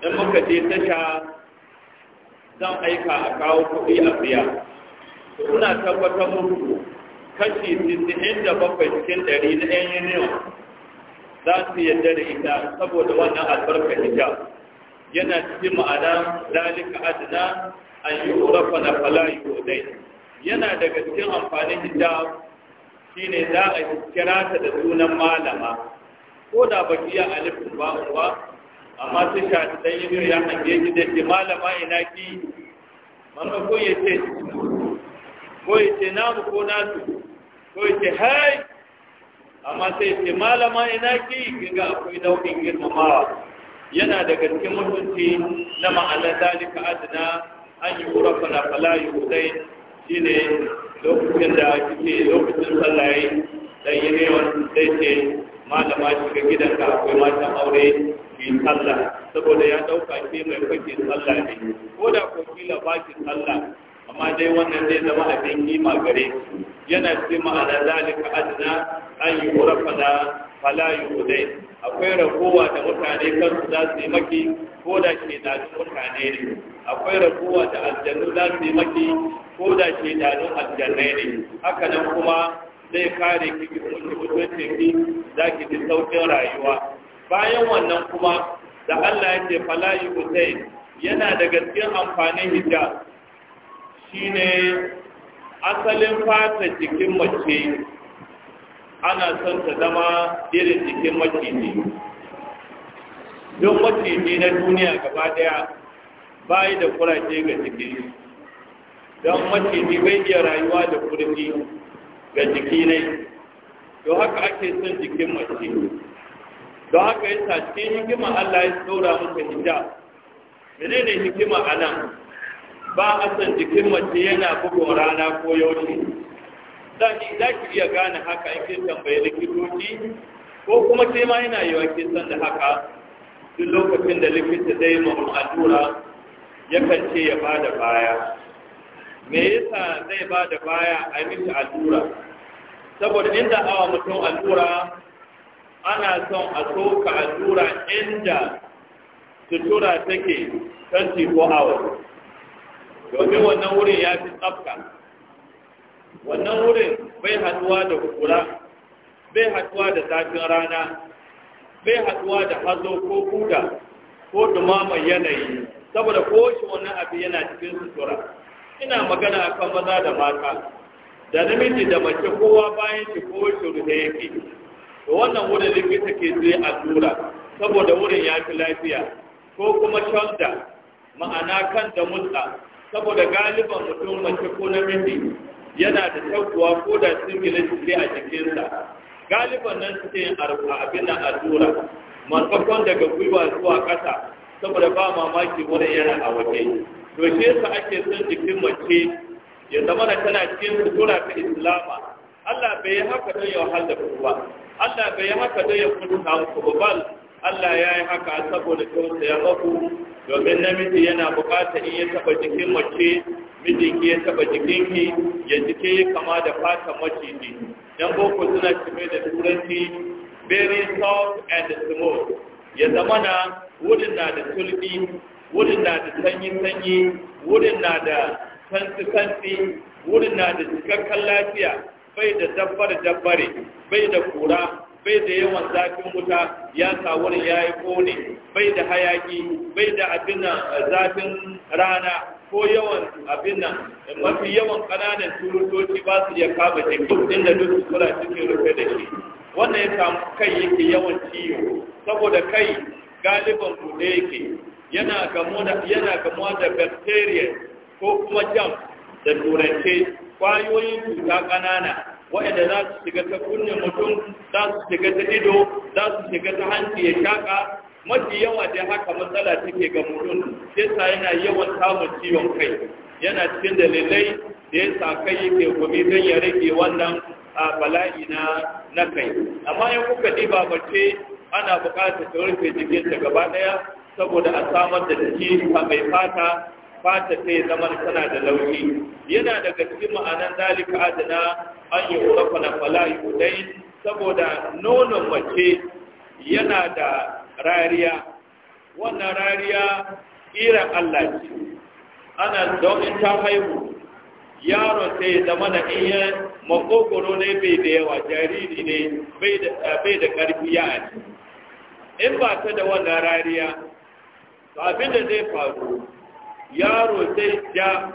in muka je tasha zan aika a kawo kuɗi a biya suna tabbatar muku kashi da bakwai cikin ɗari na 'yan union za su yadda da ita saboda wannan albarkar hijab yana cikin ma'ana dalika adana, an yi urafa na falayi yana daga cikin amfanin hijab shine za a kira ta da sunan malama ko da ba ya alif ba ba amma sai shafi dan yi ya hange shi da ki malama ina ki mamma ko ya ce ko ya ce namu ko nasu ko ya ce hai amma sai ce malama ina ki kinga akwai nau'in girmamawa yana daga cikin mutunci na ma'anar dalika adana an yi urafa na fala yi shi ne lokacin da kike lokacin sallaye dan yi ne wannan sai ce malama shiga gidanka akwai matan aure ki sallah saboda ya dauka ke mai kake sallah ne ko da ko kila baki sallah amma dai wannan zai zama abin kima gare yana cikin ma'ana zalika adna an yi fala yudai akwai ragowa da mutane kansu za su yi maki ko da ke dalin mutane ne akwai ragowa da aljannu za su yi maki ko da ke dalin aljannai ne haka nan kuma zai kare ki ki mutu mutuncin ki za ki ji saukin rayuwa bayan wannan kuma da Allah ya ce falayi kusai yana da gaskiyar amfanin hijab shine asalin fata jikin mace ana son ta zama irin jikin maciji don maciji na duniya gaba daya bayi da kuraje ga jiki don maciji bai iya rayuwa da kurji ga jiki ne to haka ake son jikin mace don haka yi sace hikima Allah ya saura muka hijab ne hikima a nan ba a son jikin mace yana bugun rana ko yaushe Sani, za zaki iya gane haka in kin tambaye likitoci ko kuma sai ma yana yiwa kin san da haka duk lokacin da likita zai ma allura yakan ce ya bada baya me yasa zai ba da baya a mishi allura saboda inda awa mutum allura ana son a soka allura inda sutura take ko hours domin wannan wurin ya fi tsafta wannan wurin bai haduwa da kukura bai haduwa da zafin rana bai haduwa da hazo ko kuda ko dumaman yanayi saboda kowace wannan abu yana cikin sutura ina magana kan maza da mata da namiji da mace kowa bayan shi kowace rufe yake da wannan wurin likita ke zai tura saboda wurin ya fi lafiya ko kuma canza ma'ana kan da mutsa saboda galiban mutum mace ko namiji yana da taukuwa ko da gina jiki a jikinsa galiban nan suke arfa abin da azura manfakon daga gwiwa zuwa kasa saboda ba mamaki wani yana a waje to shi yasa ake san jikin mace ya zama da tana cikin sutura ta islama Allah bai yi haka don ya wahal da kuwa Allah bai yi haka don ya kunta muku babal. Allah ya yi haka saboda kyauta ya maku domin namiji yana bukata in ya taba jikin mace mijinki ya taba jikinki ya jike kama da fata maciji dan boko suna cime da turanci very soft and smooth ya zama na wurin na da tulbi wurin na da sanyi-sanyi wurin na da sansi-sansi wurin na da cikakken lafiya bai da dabbar-dabbare bai da kura bai da yawan zafin wuta ya sa wurin ya yi kone bai da hayaki bai da abin zafin rana ko yawan abin nan mafi yawan kananan turutoci ba su iya kama jikin inda duk kula cikin rufe da shi wannan ya samu kai yake yawan ciwo saboda kai galiban buɗe yake yana gamuwa da bacteria ko kuma jam da turance kwayoyin cuta ƙanana waɗanda za su shiga ta kunne mutum za su shiga ta ido za su shiga ta hanci ya shaka mafi yawa da haka matsala take ga mutum sai yana yawan samun ciwon kai yana cikin dalilai da ya sa kai yake gumi don ya rage wannan bala'i na kai amma in kuka diba mace ana buƙatar ta rufe jikinta gaba ɗaya saboda a samar da jiki mai fata fata ta yi zama tana da nauyi yana daga cikin ma'anan zalika adana an yi urafa na bala'i saboda nonon mace yana da rariya wannan rariya ƙiran Allah ce ana in ta haihu yaron sai da zama na iya makogoro ne bai da yawa jariri ne bai da eh, ƙarfi ya ne in ba ta da wannan rariya abin da zai faru yaro sai ja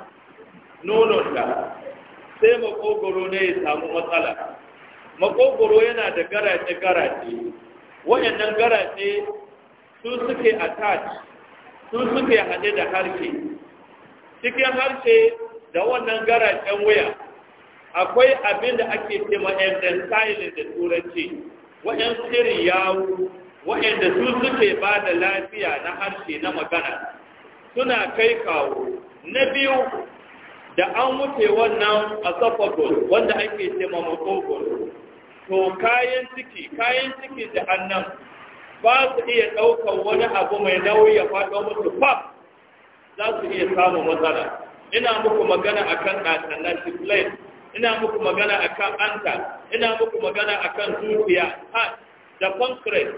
nononta sai makogoro ne ya samu matsala makogoro yana da garaje-garaje wayannan garaje su suke attach su suke haɗe da harshe cikin harshe da wannan garajen waya akwai abin da ake ce ɗan da turanci wayan sirri yawo wayanda su suke ba da lafiya na harshe na magana suna kai kawo na biyu da an wuce wannan esophagus wanda ake ce ma to kayan ciki kayan ciki jahannam ba su iya ɗaukar wani abu mai nauyi ya faɗo musu pap za su iya samun matsala ina muku magana akan ɗasannan shiflate ina muku magana akan anta ina muku magana akan zuciya hat da concrete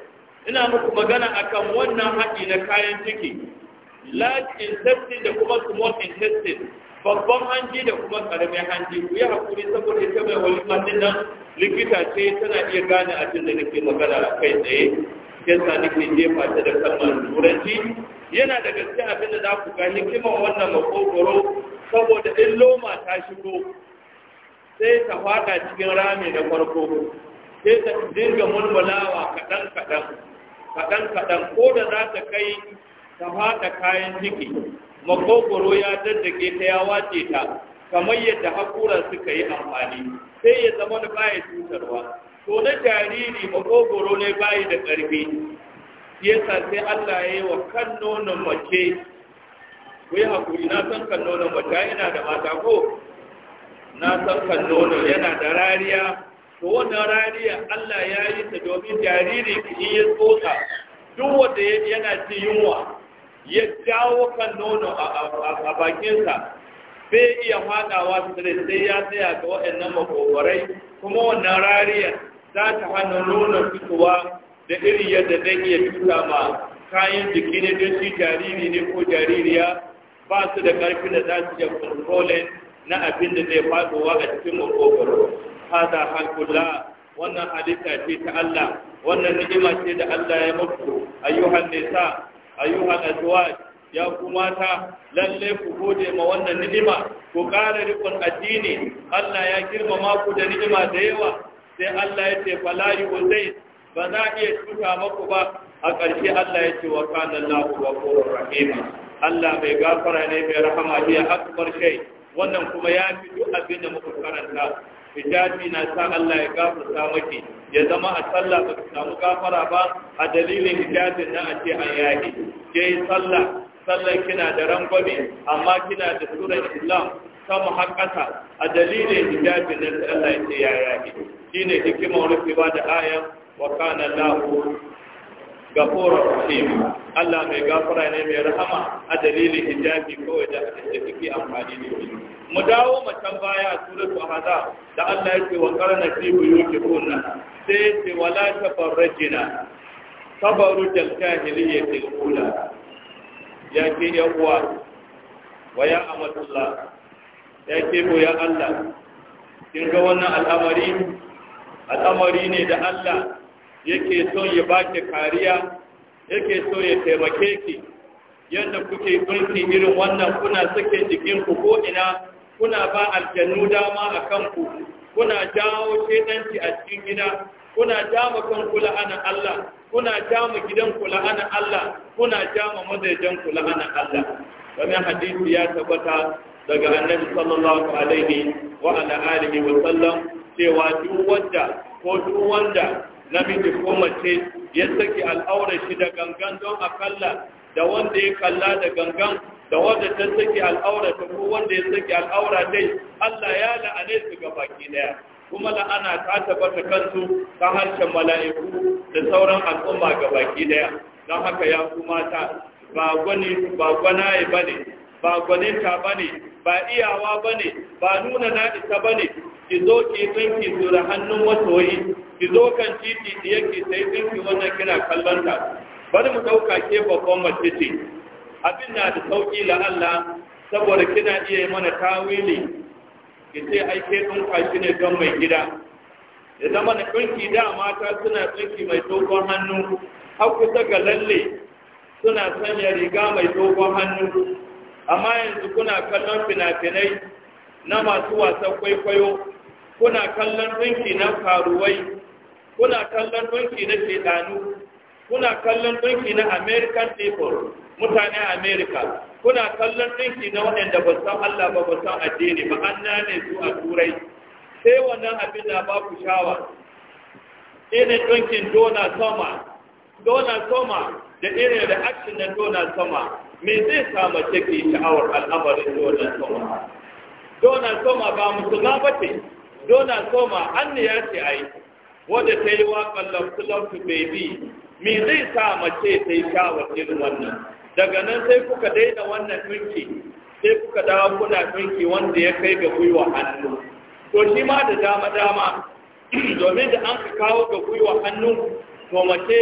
ina muku magana akan wannan haɗi na kayan ciki large intestine da kuma small intestine babban hanji da kuma karamin hanji ku yi hakuri saboda ita mai walimar nan likita ce tana iya gane cikin da nake magana kai tsaye yasa nake jefa ta da kalmar turanci yana da gaske abin da za ku ga hikimar wannan makogoro saboda in loma ta shigo sai ta fada cikin rami na farko sai ta dinga mulmulawa kaɗan kaɗan kaɗan kaɗan ko da za ta kai ta fada kayan ciki makogoro ya daddake ta ya wace ta kamar yadda haƙura suka yi amfani sai ya zama da baya cutarwa to na jariri makogoro ne bayi da ƙarfi yasa sai Allah ya yi wa kan nonon mace ku yi hakuri na san kan nonon mace yana da mata ko na san kan nonon yana da rariya to wannan rariya Allah ya yi ta domin jariri in ya tsotsa duk wanda yana ci yunwa ya jawo kan nono a bakinsa bai iya faɗawa stress sai ya tsaya ga waɗannan makogorai kuma wannan rariya za ta hana nono fitowa da iri yadda zai iya fita ma kayan jiki ne don shi jariri ne ko jaririya ba su da ƙarfi da za su iya controlling na abin da zai faɗowa a cikin makogoro hada hankula wannan halitta ce ta Allah wannan ni'ima ce da Allah ya muku ayyuhan nisa ayyuhan azwaj ya kuma ta lalle ku gode ma wannan ni'ima ku ƙara rikon addini Allah ya girmama ku da ni'ima da yawa sai Allah ya ce fala zai ba za a iya tuka maku ba a ƙarshe Allah ya ce wa kana Allahu ghafurur rahim Allah bai gafara ne bai rahama ne akbar shay wannan kuma ya fi duk abin da muka karanta hijabi na sa Allah ya gafarta maki ya zama a sallah ba ki samu gafara ba a dalilin hijabin nan a ce an yaƙi ke sallah sallah kina da rangwame amma kina da suran islam sama har a dalilin hijabin na Allah ya ce ya yaƙi shine hikimar rufe ba da ayan wa kana lahu gafura rahim Allah mai gafara ne mai rahama a dalilin hijabi kawai da da kike amfani da shi mu dawo mu can baya a suratu ahzab da Allah yake wa qarna fi buyutikunna sai ce wala tafarrajina tabaru dal jahiliyyati al-ula ya ke ya uwa wa ya amatullah ya ke ko ya Allah kin ga wannan al'amari al'amari ne da Allah yake son ya baki kariya yake so ya taimake ki yadda kuke mulki irin wannan kuna sake jikinku ko ina kuna ba aljannu dama a kanku kuna jawo shedanci a cikin gida kuna jama kanku la'ana Allah kuna jama gidanku la'ana Allah kuna jama mazajenku la'ana Allah wannan hadisi ya tabbata daga annabi sallallahu alaihi wa ala alihi wa sallam cewa duk wanda ko duk wanda namiji ko mace ya saki al'aura shi da gangan don a kalla da wanda ya kalla da gangan da wanda ta saki al'aura ta ko wanda ya saki al'aura dai Allah ya la'ane su ga baki daya kuma la'ana ta tabbata kansu ta harshen mala'iku da sauran al'umma ga baki daya don haka ya kuma ta ba gwani ba gwanaye bane ba gwaninta ba ne ba iyawa ba ne ba nuna na isa ba ne ki zo ki tsinki zura hannun masoyi ki zo kan titi da yake sai tsinki wannan kina kallonta bari mu ɗauka ke babban mace ce abin na da sauki la Allah saboda kina iya yi mana tawili ki ce ai ke ɗinka kashi ne don mai gida ya zama da ɗinki da mata suna tsinki mai dogon hannu har kusa ga lalle suna sanya riga mai dogon hannu amma yanzu kuna kallon fina-finai na masu wasan kwaikwayo kuna kallon dunki na faruwai kuna kallon dunki na shedanu kuna kallon dunki na american people mutane america kuna kallon dunki na waɗanda ba san allah ba ba san addini ba an nane su a turai sai wannan abin na ba ku shawa irin dunkin dona soma dona soma da irin reaction na dona soma me zai sa mace ke sha'awar al'amarin Donald Soma Donald Soma ba musulma ba ce Donald Soma an ne ya ce ai wadda ta yi waƙar love to baby me zai sa mace ta yi sha'awar irin wannan daga nan sai kuka daina wannan tunki sai kuka dawo kuna tunki wanda ya kai ga gwiwa hannu to shi ma da dama dama domin da an ka kawo ga gwiwa hannu to mace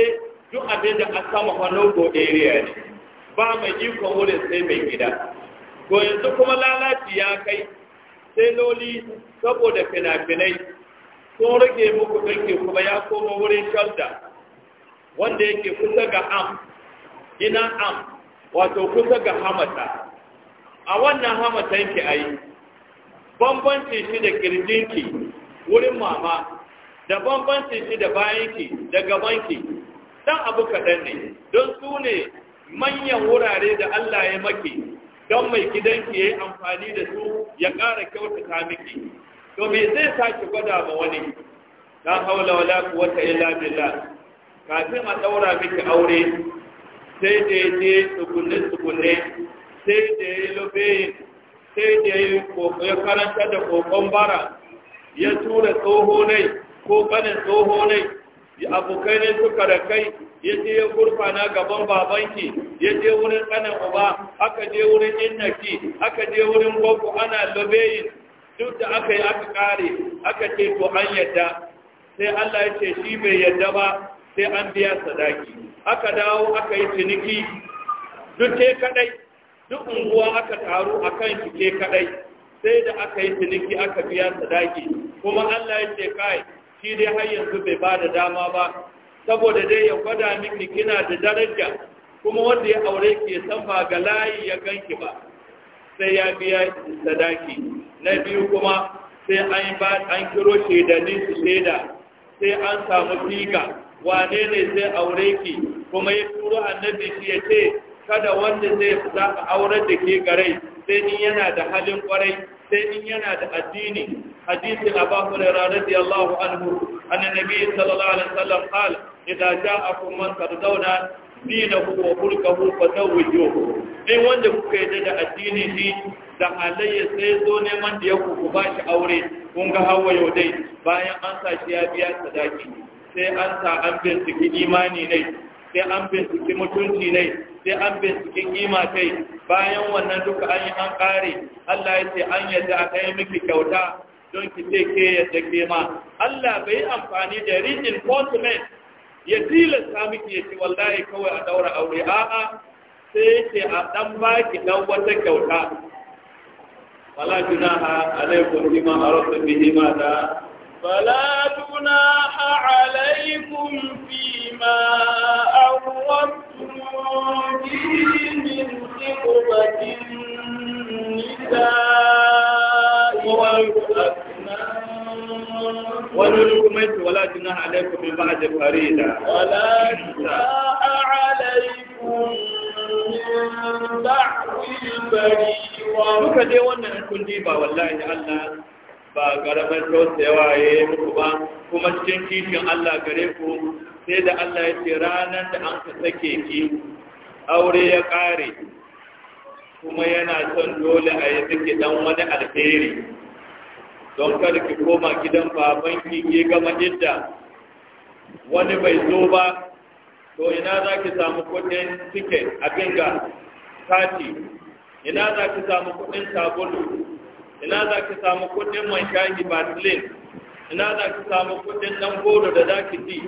duk abin da an sama hannu ko area ne ba mai ikon wurin sai mai gida ko yanzu kuma lalaci ya kai sai loli saboda fina-finai sun rage muku ɗanke kuma ya koma wurin shalda wanda yake kusa ga am ina am wato kusa ga hamata a wannan hamatan ki ayi bambanci shi da kirjinki wurin mama da bambanci shi da bayanki da gabanki dan abu kaɗan ne don su ne manyan wurare da Allah ya maki don mai gidanki ya yi amfani da su ya ƙara kyautata miki to me zai sake gwada ma wani la haula wala quwwata illa billah kafin a daura miki aure sai da ya je tukunne sai da ya yi lobe sai da ya karanta da kokon bara ya tura tsoho ne ko ƙanin tsoho ne abokai ne suka da kai ya je ya na gaban babanki ya je wurin kanan uba aka je wurin innaki aka je wurin gwaggo, ana lobeyin duk da aka yi aka kare aka ce to an yadda sai Allah ya ce shi bai yadda ba sai an biya sadaki aka dawo aka yi ciniki duk ke kadai duk unguwa aka taru kan shi ke kadai sai da aka yi ciniki aka biya sadaki kuma Allah ya ce kai shi dai har yanzu bai ba da dama ba saboda dai ya gwada miki kina da daraja kuma wanda ya aure ke san ba ga layi ya ganki ba sai ya biya sadaki na biyu kuma sai an ba an kiro shaidanni su shaida sai an samu figa wane ne zai aure ki kuma ya turo annabi shi ya ce kada wanda zai za a aurar da ke garai sai in yana da halin kwarai sai in yana da addini hadisi abu hurairah radiyallahu anhu annabi sallallahu alaihi wasallam qala idza ja'akum man tardawna dinahu wa mulkahu fatawjuhu dai wanda kuka yi da addini shi da halayya sai zo neman da yaku ku ba shi aure kun ga hawa yau dai bayan an sa shi ya biya sadaki sai an sa an binciki imani ne sai an binciki mutunci ne sai an binciki kima kai bayan wannan duka an yi an kare Allah ya ce an yadda a kai miki kyauta don ki ce ke yadda ke ma Allah bai amfani da reinforcement ya tilasta miki ya wallahi kawai a daura aure a'a sai ce a dan baki dan wata kyauta wala junaha alaikum bima aradtum bihi ma da فلا جناح عليكم فيما أردتم به من خطبة النساء والأكنان ولكم انت ولا جناح عليكم من بعد فريدة ولا جناح عليكم من بعد الفريدة duka dai wannan kun ba wallahi Allah ba karamar yawa ya yi muku ba kuma cikin kifin Allah gare ku sai da Allah ya ce ranar da an ka sake ki aure ya ƙare kuma yana son dole a yi suke dan wani alheri don kada ki koma gidan babanki ke gama idda wani bai zo ba to ina za ki samu kudin ticket a ga kati ina za ki samu kudin sabulu ina za ki samu kudin man shahi batilin ina za ki samu kudin dan goro da za ki ci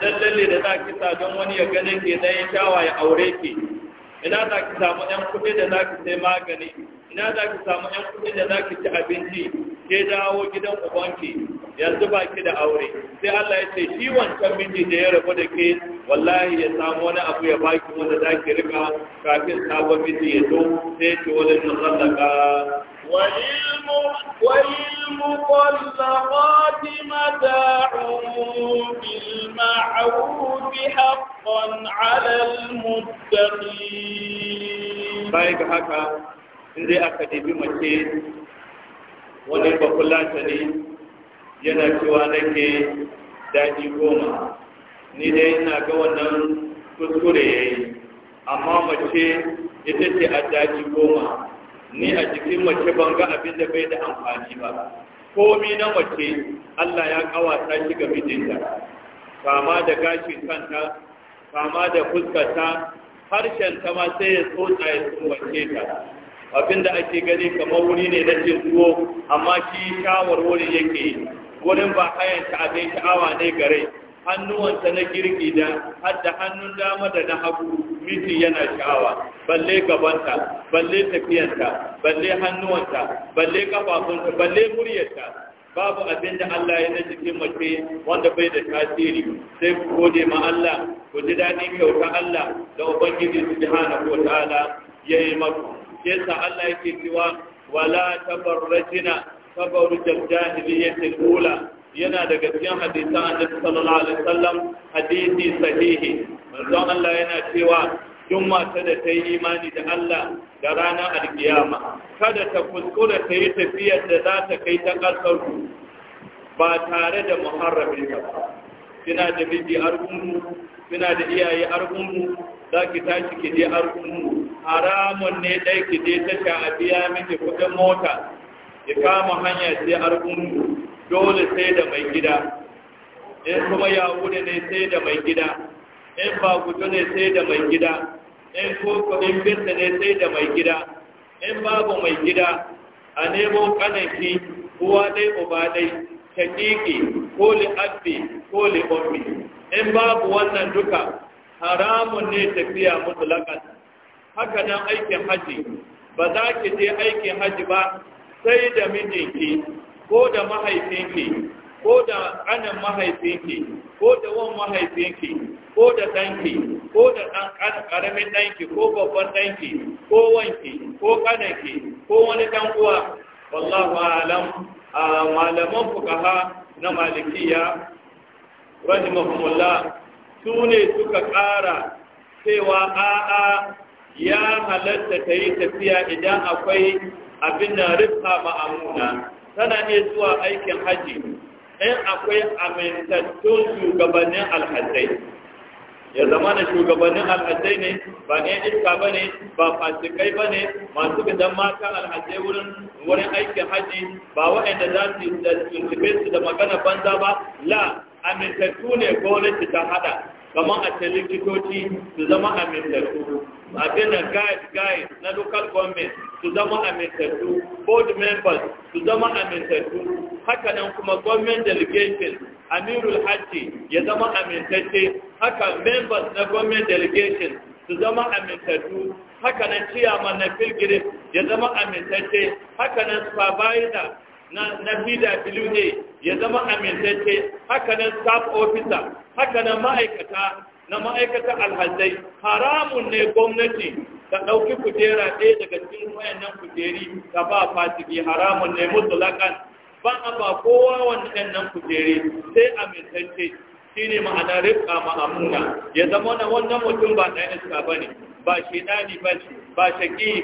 da lalle da za ki sa don wani ya gane ke dan ya shawa ya aure ki ina za ki samu ‘yan kuɗi da za ki sai magani ina za ki samu ‘yan kuɗi da za ki ci abinci ke dawo gidan ubanki yanzu ba ki da aure sai Allah ya ce shi wancan miji da ya rabu da ke wallahi ya samu wani abu ya baki wanda za ki rika kafin sabon miji ya zo sai ki wani musallaka وللمطلقات متاع بالمعروف حقا على المتقين بايك هكا إذا أكدي بمشي وللبقلات لي yana cewa nake daji goma ni dai ina ga wannan kuskure ya yi amma mace ita ce a daji goma ni a jikin mace ban ga abin da bai da amfani ba komi na mace Allah ya kawata shi ga mijinta kama da gashin kanta kama da fuskata harshen ta ma sai ya tsotsa ya tsowace ta abin da ake gani kamar wuri ne na cin tuwo amma shi shawarwari yake yi wurin ba hayanta abin sha'awa ne gare hannuwanta na girki da hadda hannun dama da na hagu miji yana sha'awa balle gabanta balle tafiyanta balle hannuwanta balle kafafunta balle muryarta babu abin da Allah ya cikin mace wanda bai da tasiri sai ku gode ma Allah ku ji daɗi kyauta Allah da ubangiji ta'ala ya yi maku sai Allah yake cewa wala tabarrajina sabaru jahiliyyah al-ula yana daga cikin hadisan Annabi sallallahu alaihi wasallam hadisi sahihi manzon Allah yana cewa duk mata da ta yi imani da Allah da ranar alkiyama kada ta kuskura ta yi tafiyar da za ta kai ta ƙasar ba tare da muharrabin ba kina da miji argungu kina da iyaye argungu za ki tashi ki je argungu haramun ne dai ki je tasha a biya miki kuɗin mota ya kama hanya sai argungu dole sai da mai gida in kuma yawo ne sai da mai gida in ba gudu ne sai da mai gida in koko in birta ne sai da mai gida in babu mai gida a nemo kanaki uwa dai uba dai shakiki ko li'abbi ko li'ummi in babu wannan duka haramun ne tafiya mutlakan haka nan aikin haji ba za ki je aikin haji ba sai da mijinki ko da mahaifinki ko da ƙanin mahaifinki ko da wan mahaifinki ko da ɗanki ko da ɗan ƙaramin ɗanki ko babban ɗanki ko wanki ko ƙananki ko wani ɗan wallahu alam a malaman fukaha na malikiya rahimahumullah su ne suka ƙara cewa a'a ya halatta ta yi tafiya idan akwai Abinna rifka ma'amuna tana iya zuwa aikin haji in akwai amintattun shugabannin alhazai ya zama da shugabannin alhazai ne ba ne iska ba ne ba fasikai ba ne masu gidan mata alhazai wurin aikin haji ba waɗanda za su yi su da magana banza ba la amintattu ne gwamnati ta hada kama a ce likitoci su zama amintattu a da guide guide na local government su zama amintattu board members su zama amintattu haka nan kuma government delegation amirul hajji ya zama amintacce haka members na government delegation su zama amintattu haka nan chairman na pilgrim ya zama amintacce haka nan supervisor na na ya zama amintacce haka nan staff officer haka na ma'aikata na ma'aikata alhazai haramun ne gwamnati ta ɗauki kujera ɗaya daga cikin wayannan kujeri ta ba fasiki haramun ne mutulakan ba a ba kowa wannan kujeri sai a mintance shi ne ma'ana rika ma'amuna ya zama na wannan mutum ba ɗaya iska ba ne ba shaidani ba ne ba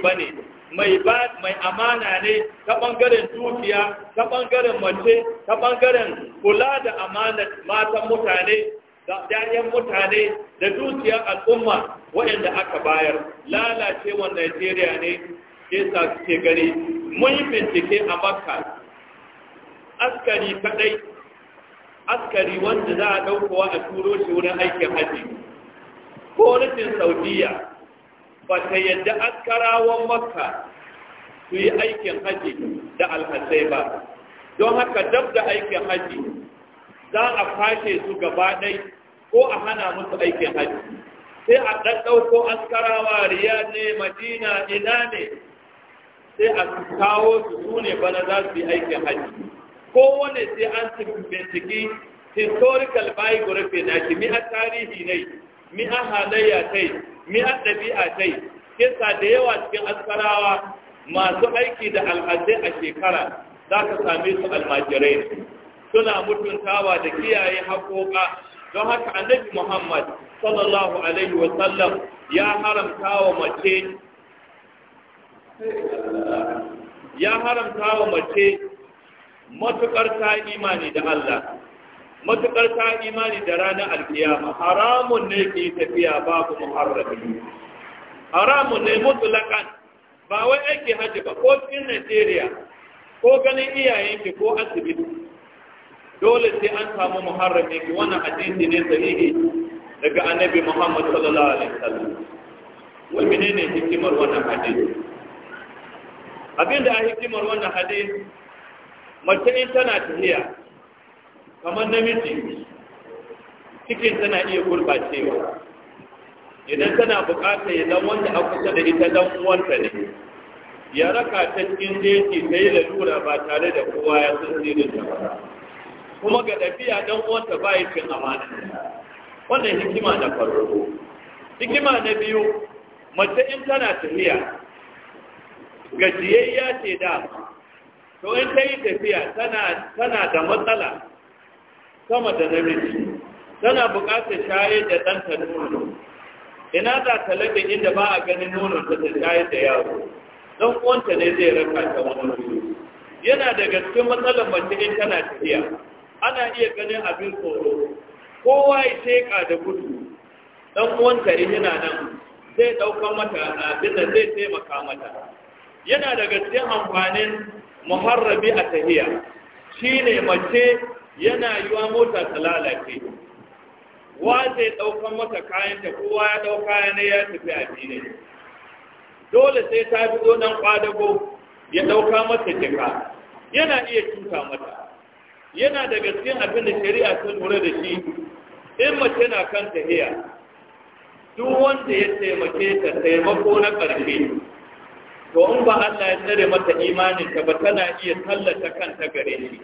ba ne mai ba mai amana ne ta bangaren dukiya ta bangaren mace ta ɓangaren kula da amanar matan mutane da ɗayan mutane da dukiyar al'umma waɗanda aka bayar lalacewar Najeriya ne ke sa suke gani mun yi bincike a makka askari kadai askari wanda za a ɗaukowa a turo shi wurin aikin haji Korafin saudiya ba ta yadda askarawan makka su yi aikin haji da alhassai ba don haka dab da aikin haji za a kwashe su gaba ɗai ko a hana musu aikin hajji sai a ɗaɗɗauko askarawa riya ne madina ina ne sai a kawo su su bana za su yi aikin hajji kowane sai an bincike historical biography na shi a tarihi ne mi'a halayya mi mi'a ɗabi'a tai kisa da yawa cikin askarawa masu aiki da alhazai a shekara za ka same su almajirai suna mutuntawa da kiyaye haƙoƙa don haka annabi Muhammad sallallahu alaihi wa sallam ya haramta wa mace ya haramta wa mace matuƙar ta imani da Allah matuƙar ta imani da ranar alkiyama haramun ne ke tafiya babu muharrabi haramun ne mutulakan ba wai aiki hajji ba ko cikin Najeriya ko ganin iyayenki ko asibiti dole sai an samu muharram ki wannan hadisi ne sahihi daga annabi Muhammad sallallahu alaihi wasallam wai menene hikimar wannan hadisi abinda a hikimar wannan hadisi mace in tana tafiya kamar namiji cikin tana iya gurbacewa idan tana bukata ya dan wanda a kusa da ita dan uwanta ne ya raka ta cikin jeji ta yi lalura ba tare da kowa ya san sirrin ta ba kuma ga ɗafiya don uwanta ba ya cin amana wannan hikima na faru. hikima na biyu mace in tana tafiya gajiyayya ce da to in ta yi tafiya tana da matsala sama da namiji tana buƙatar shayar da ɗanta nono ina za ta laɓe inda ba a ganin nono ta ta shayar da yaro don uwanta ne zai raka ta wani yana daga cikin matsalar mace in tana tafiya ana iya ganin abin tsoro kowa ya da gudu dan uwanta yana nan zai ɗaukar mata abin da zai taimaka mata yana da cikin amfanin muharrabi a tahiya shi ne mace yana yiwa mota ta lalace wa zai ɗaukar mata kayan ta kowa ya ɗauka ne ya tafi a filin dole sai ta fito nan kwadago ya ɗauka mata jika yana iya cuta mata yana daga cikin abin da shari'a ta lura da shi in mace na kan tahiya duk wanda ya taimake ta taimako na ƙarfi to in ba Allah ya tsare mata imanin ta ba tana iya tallata kanta gare shi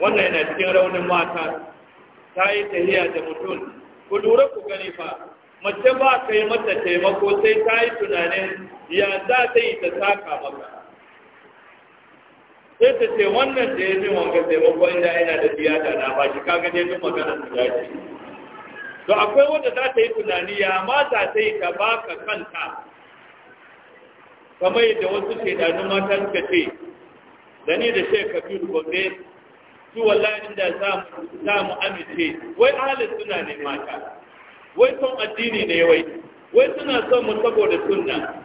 wannan yana cikin raunin mata ta yi tahiya da mutum ku lura ku gani fa mace ba ka yi mata taimako sai ta yi tunanin ya za ta yi ta saka maka sai ta ce wannan da ya min wanga taimako inda yana da tiyata na ba shi kaga ne duk magana su ce to akwai wanda za ta yi tunani ya ma za ta yi ta ka kanta kamar yadda wasu shaidanun mata suka ce da ni da shek kabiru gobe su wallahi inda za mu amince wai ahalin suna ne mata wai son addini ne wai wai suna son mu saboda sunna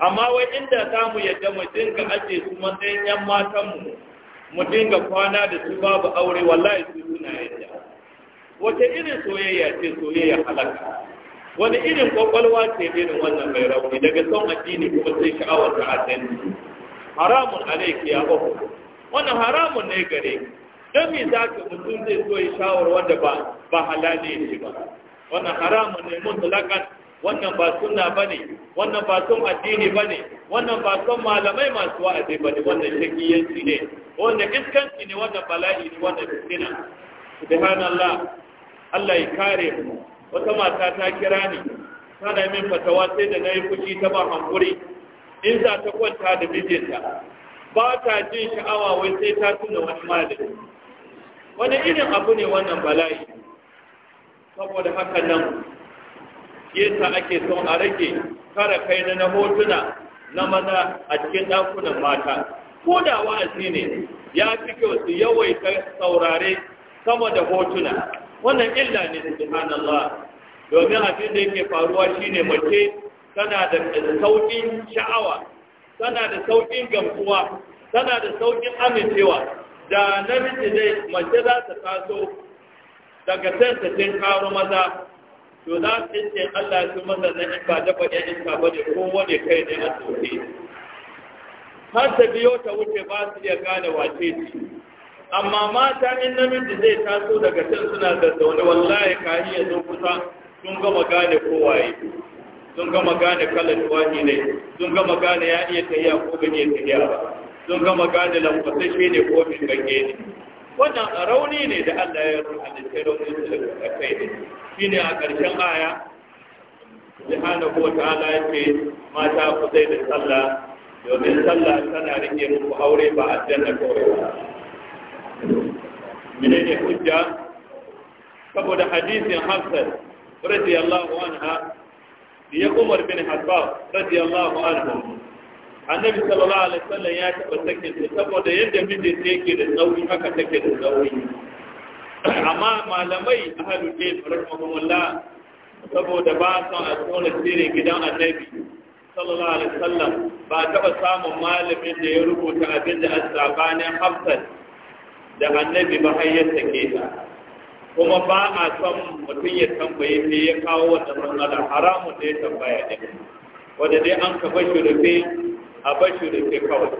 amma wai inda za mu yadda mu dinga ajiye su matsayin yan matanmu mu dinga kwana da su babu aure wallahi su suna yadda wace irin soyayya ce soyayya halaka wani irin kwakwalwa ce irin wannan mai rauni daga son addini kuma sai sha'awar ta addini haramun alaiki ya uku wannan haramun ne gare don me za ka mutum zai so ya shawar wanda ba halali ne ba wannan haramun ne mutlakan wannan ba sunna ne, wannan ba sun addini ba ne, wannan ba sun malamai masu wa'azi ba ne, wannan shakiyanci ne wannan iskanci ne wannan bala'i ne wannan fitina subhanallah Allah ya kare mu wata mata ta kira ni da min fatawa sai da nayi fushi ta ba hankuri in za ta kwanta da mijinta ba ta jin sha'awa wai sai ta tuna wani malami wani irin abu ne wannan bala'i saboda haka nan yasa ake son a rage kara kai na hotuna na maza a cikin ɗakunan mata ko da wa'azi ne ya fi kyau su yawaita saurare sama da hotuna wannan illa ne subhanallah domin abin da yake faruwa shine mace tana da sauƙin sha'awa tana da sauƙin gamsuwa tana da sauƙin amincewa da namiji dai mace za ta taso daga sensatin karo maza to za su ce Allah su masa na in ba dafa ɗaya in ba ne ko wani kai ne a soke. har ta biyo ta wuce ba su iya gane wace ce amma mata in namiji zai taso daga can suna da zaune wallahi ka iya zo kusa sun gama gane kowaye sun gama gane kalan wani ne sun gama gane ya iya tafiya ko bai iya tafiya ba sun gama gane lamfasashe ne ko mai ne wannan rauni ne da Allah ya ke rauni da kai ne shine a ƙarshen aya subhanahu wa ya ce, mata ku zai da sallah domin sallah tana rike muku aure ba da kawai ba ne hujja saboda hadisin Hassan radiyallahu anha ya Umar bin Hassan radiyallahu anhu annabi sallallahu alaihi wasallam ya taba take ta saboda yadda mijinta yake da tsauri haka take da tsauri amma malamai ahlul bayt rahimahumullah saboda ba sa a tsona sirri gidan annabi sallallahu alaihi wasallam ba taba samun malamin da ya rubuta abin da asabanin hafsat da annabi ba hayyar take ta kuma ba a son mutum ya tambaye ne ya kawo wannan matsala haramun da ya tambaya ne wanda dai an kafa shi rufe a bashi da ke kawai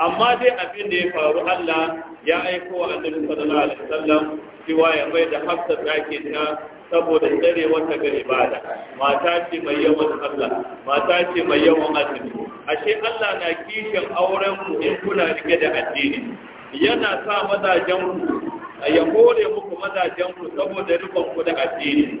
amma dai abin da ya faru Allah ya aiko wa annabi sallallahu alaihi wasallam cewa ya bai da hafsa ke ta saboda dare wata ga ibada mata ce mai yawan Allah mata ce mai yawan azumi ashe Allah na kishin auren ku in kuna rike da addini yana sa mazajen ku ya kore muku mazajen ku saboda rikon ku da addini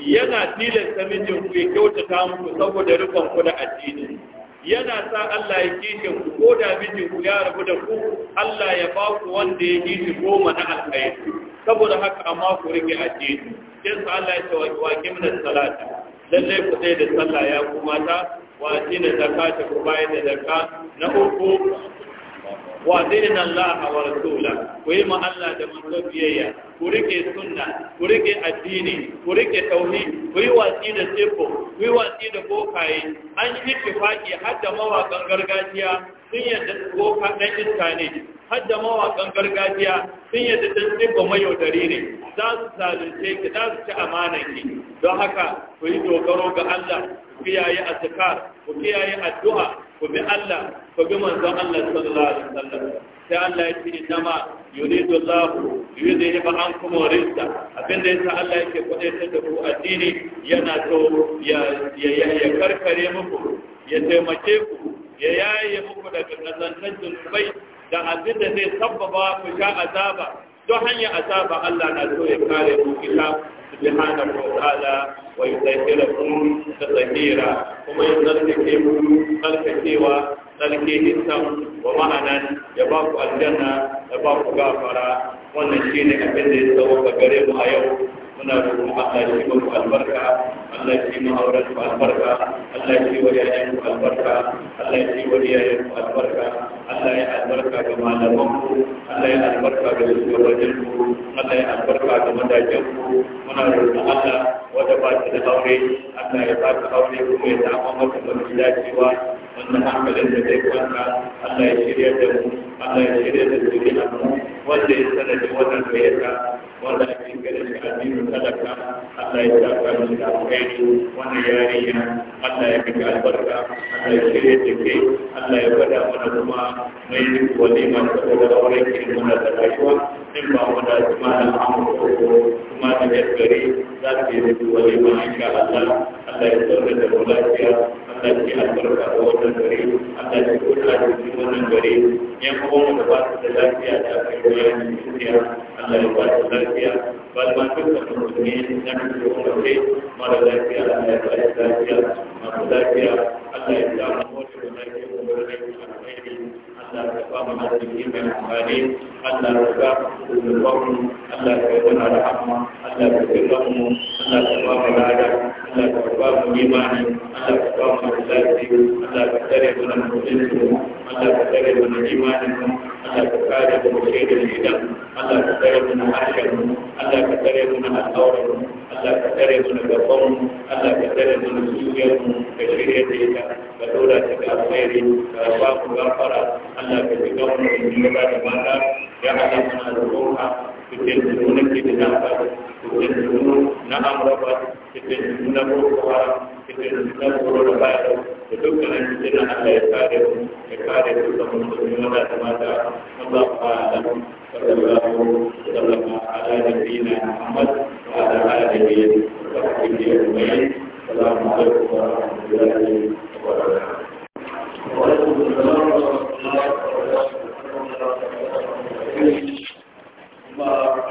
yana tilasta mijin ku ya kyautata muku saboda rikon ku da addini yana sa Allah ya kishin ku ko da mijin ku ya rabu da ku Allah ya ba ku wanda ya kishi goma na alkhairi saboda haka amma ku rike addini sai sa Allah ya tawaki wa kimna salata lalle ku sai da sallah ya kuma ta wa tina zakata ku bayar da zakka na uku wa zirin Allah wa rasula ku yi ma Allah da manzo biyayya ku rike sunna ku rike addini ku rike tauhid ku yi watsi da tsiko ku yi watsi da bokaye an yi ittifaki har da mawakan gargajiya sun yadda boka dan iska ne har da mawakan gargajiya sun yadda dan tsiko mayaudari ne za su zalunce ki za su ci amanan ki don haka kuyi yi dogaro ga Allah ku kiyaye azkar ku kiyaye addu'a ku bi Allah ku bi manzon Allah sallallahu alaihi wasallam sai Allah ya ce inama yuridu Allah yudhiba ankum rizqa abinda yasa Allah yake kudaitar da ku addini yana so ya ya karkare muku ya taimake ku ya yaye muku daga kazantar zunubai da abinda zai sabbaba ku sha azaba don hanyar azaba Allah na so ya kare mu kita subhanahu wa ta'ala wa yudhhiru da tsakira kuma ya tsarkake mu tsarkakewa tsarkake hissan wa ma'anan ya ba ku aljanna ya ba ku gafara wannan shine abin da ya tsawo gare mu a yau muna roƙon Allah ya yi albarka Allah ya yi auren albarka Allah ya yi wa yayan ku albarka Allah ya yi wa albarka Allah ya albarka ga malaman ku Allah ya albarka ga shugabannin ku Allah ya albarka ga madajan ku muna roƙon Allah wata ba da aure Allah ya ba ta aure kuma ya samu mata mafi dacewa wannan hankalin da zai kwanta Allah ya shirya da mu Allah ya shirya da jirgin abu wanda ya da wannan gayyata wanda ya shirya da addinin sadaka Allah ya saka mu da alkhairi wannan yarinya Allah ya bika albarka Allah ya shirya da ke Allah ya gwada mana kuma mai yin walima da auren ki muna da rayuwa in ba mu da kuma da kuma da yadda za su yi walima insha Allah Allah ya saurara da lafiya Allah shi albarka da wannan gari Allah shi lafiya da kai bayani shi Allah ya ba su lafiya ba da Allah ka ba mu arziki mai amfani Allah ka ba mu zubarmu Allah ka yi mana rahama Allah ka yi mu Allah ka ba mu lada Allah ka ba mu imani Allah ka ba mu Allah ka Allah ka imani Allah ka kare mu shaidar shaidan Allah ka kare mu na harshen mu Allah ka kare mu na alƙawarin mu Allah ka kare mu na gaban mu Allah ka kare mu na zuciyar mu shirya da ita ka dora ta ga alkhairi ka ba ku gafara Allah ka mu da mata ya Allah muna kitin nuna kitin nafa kitin nuna na amurafa kitin nuna kokowa kitin nuna koro da bayan da dukkanin kitin na ala ya kare ya kare mu da musulmi wanda da mata na ba fa da mu sallallahu sallama ala da bina muhammad wa ala ala da biyu da kuke da yau mai salamu alaikum wa rahmatullahi wa barakatuh. Thank you. love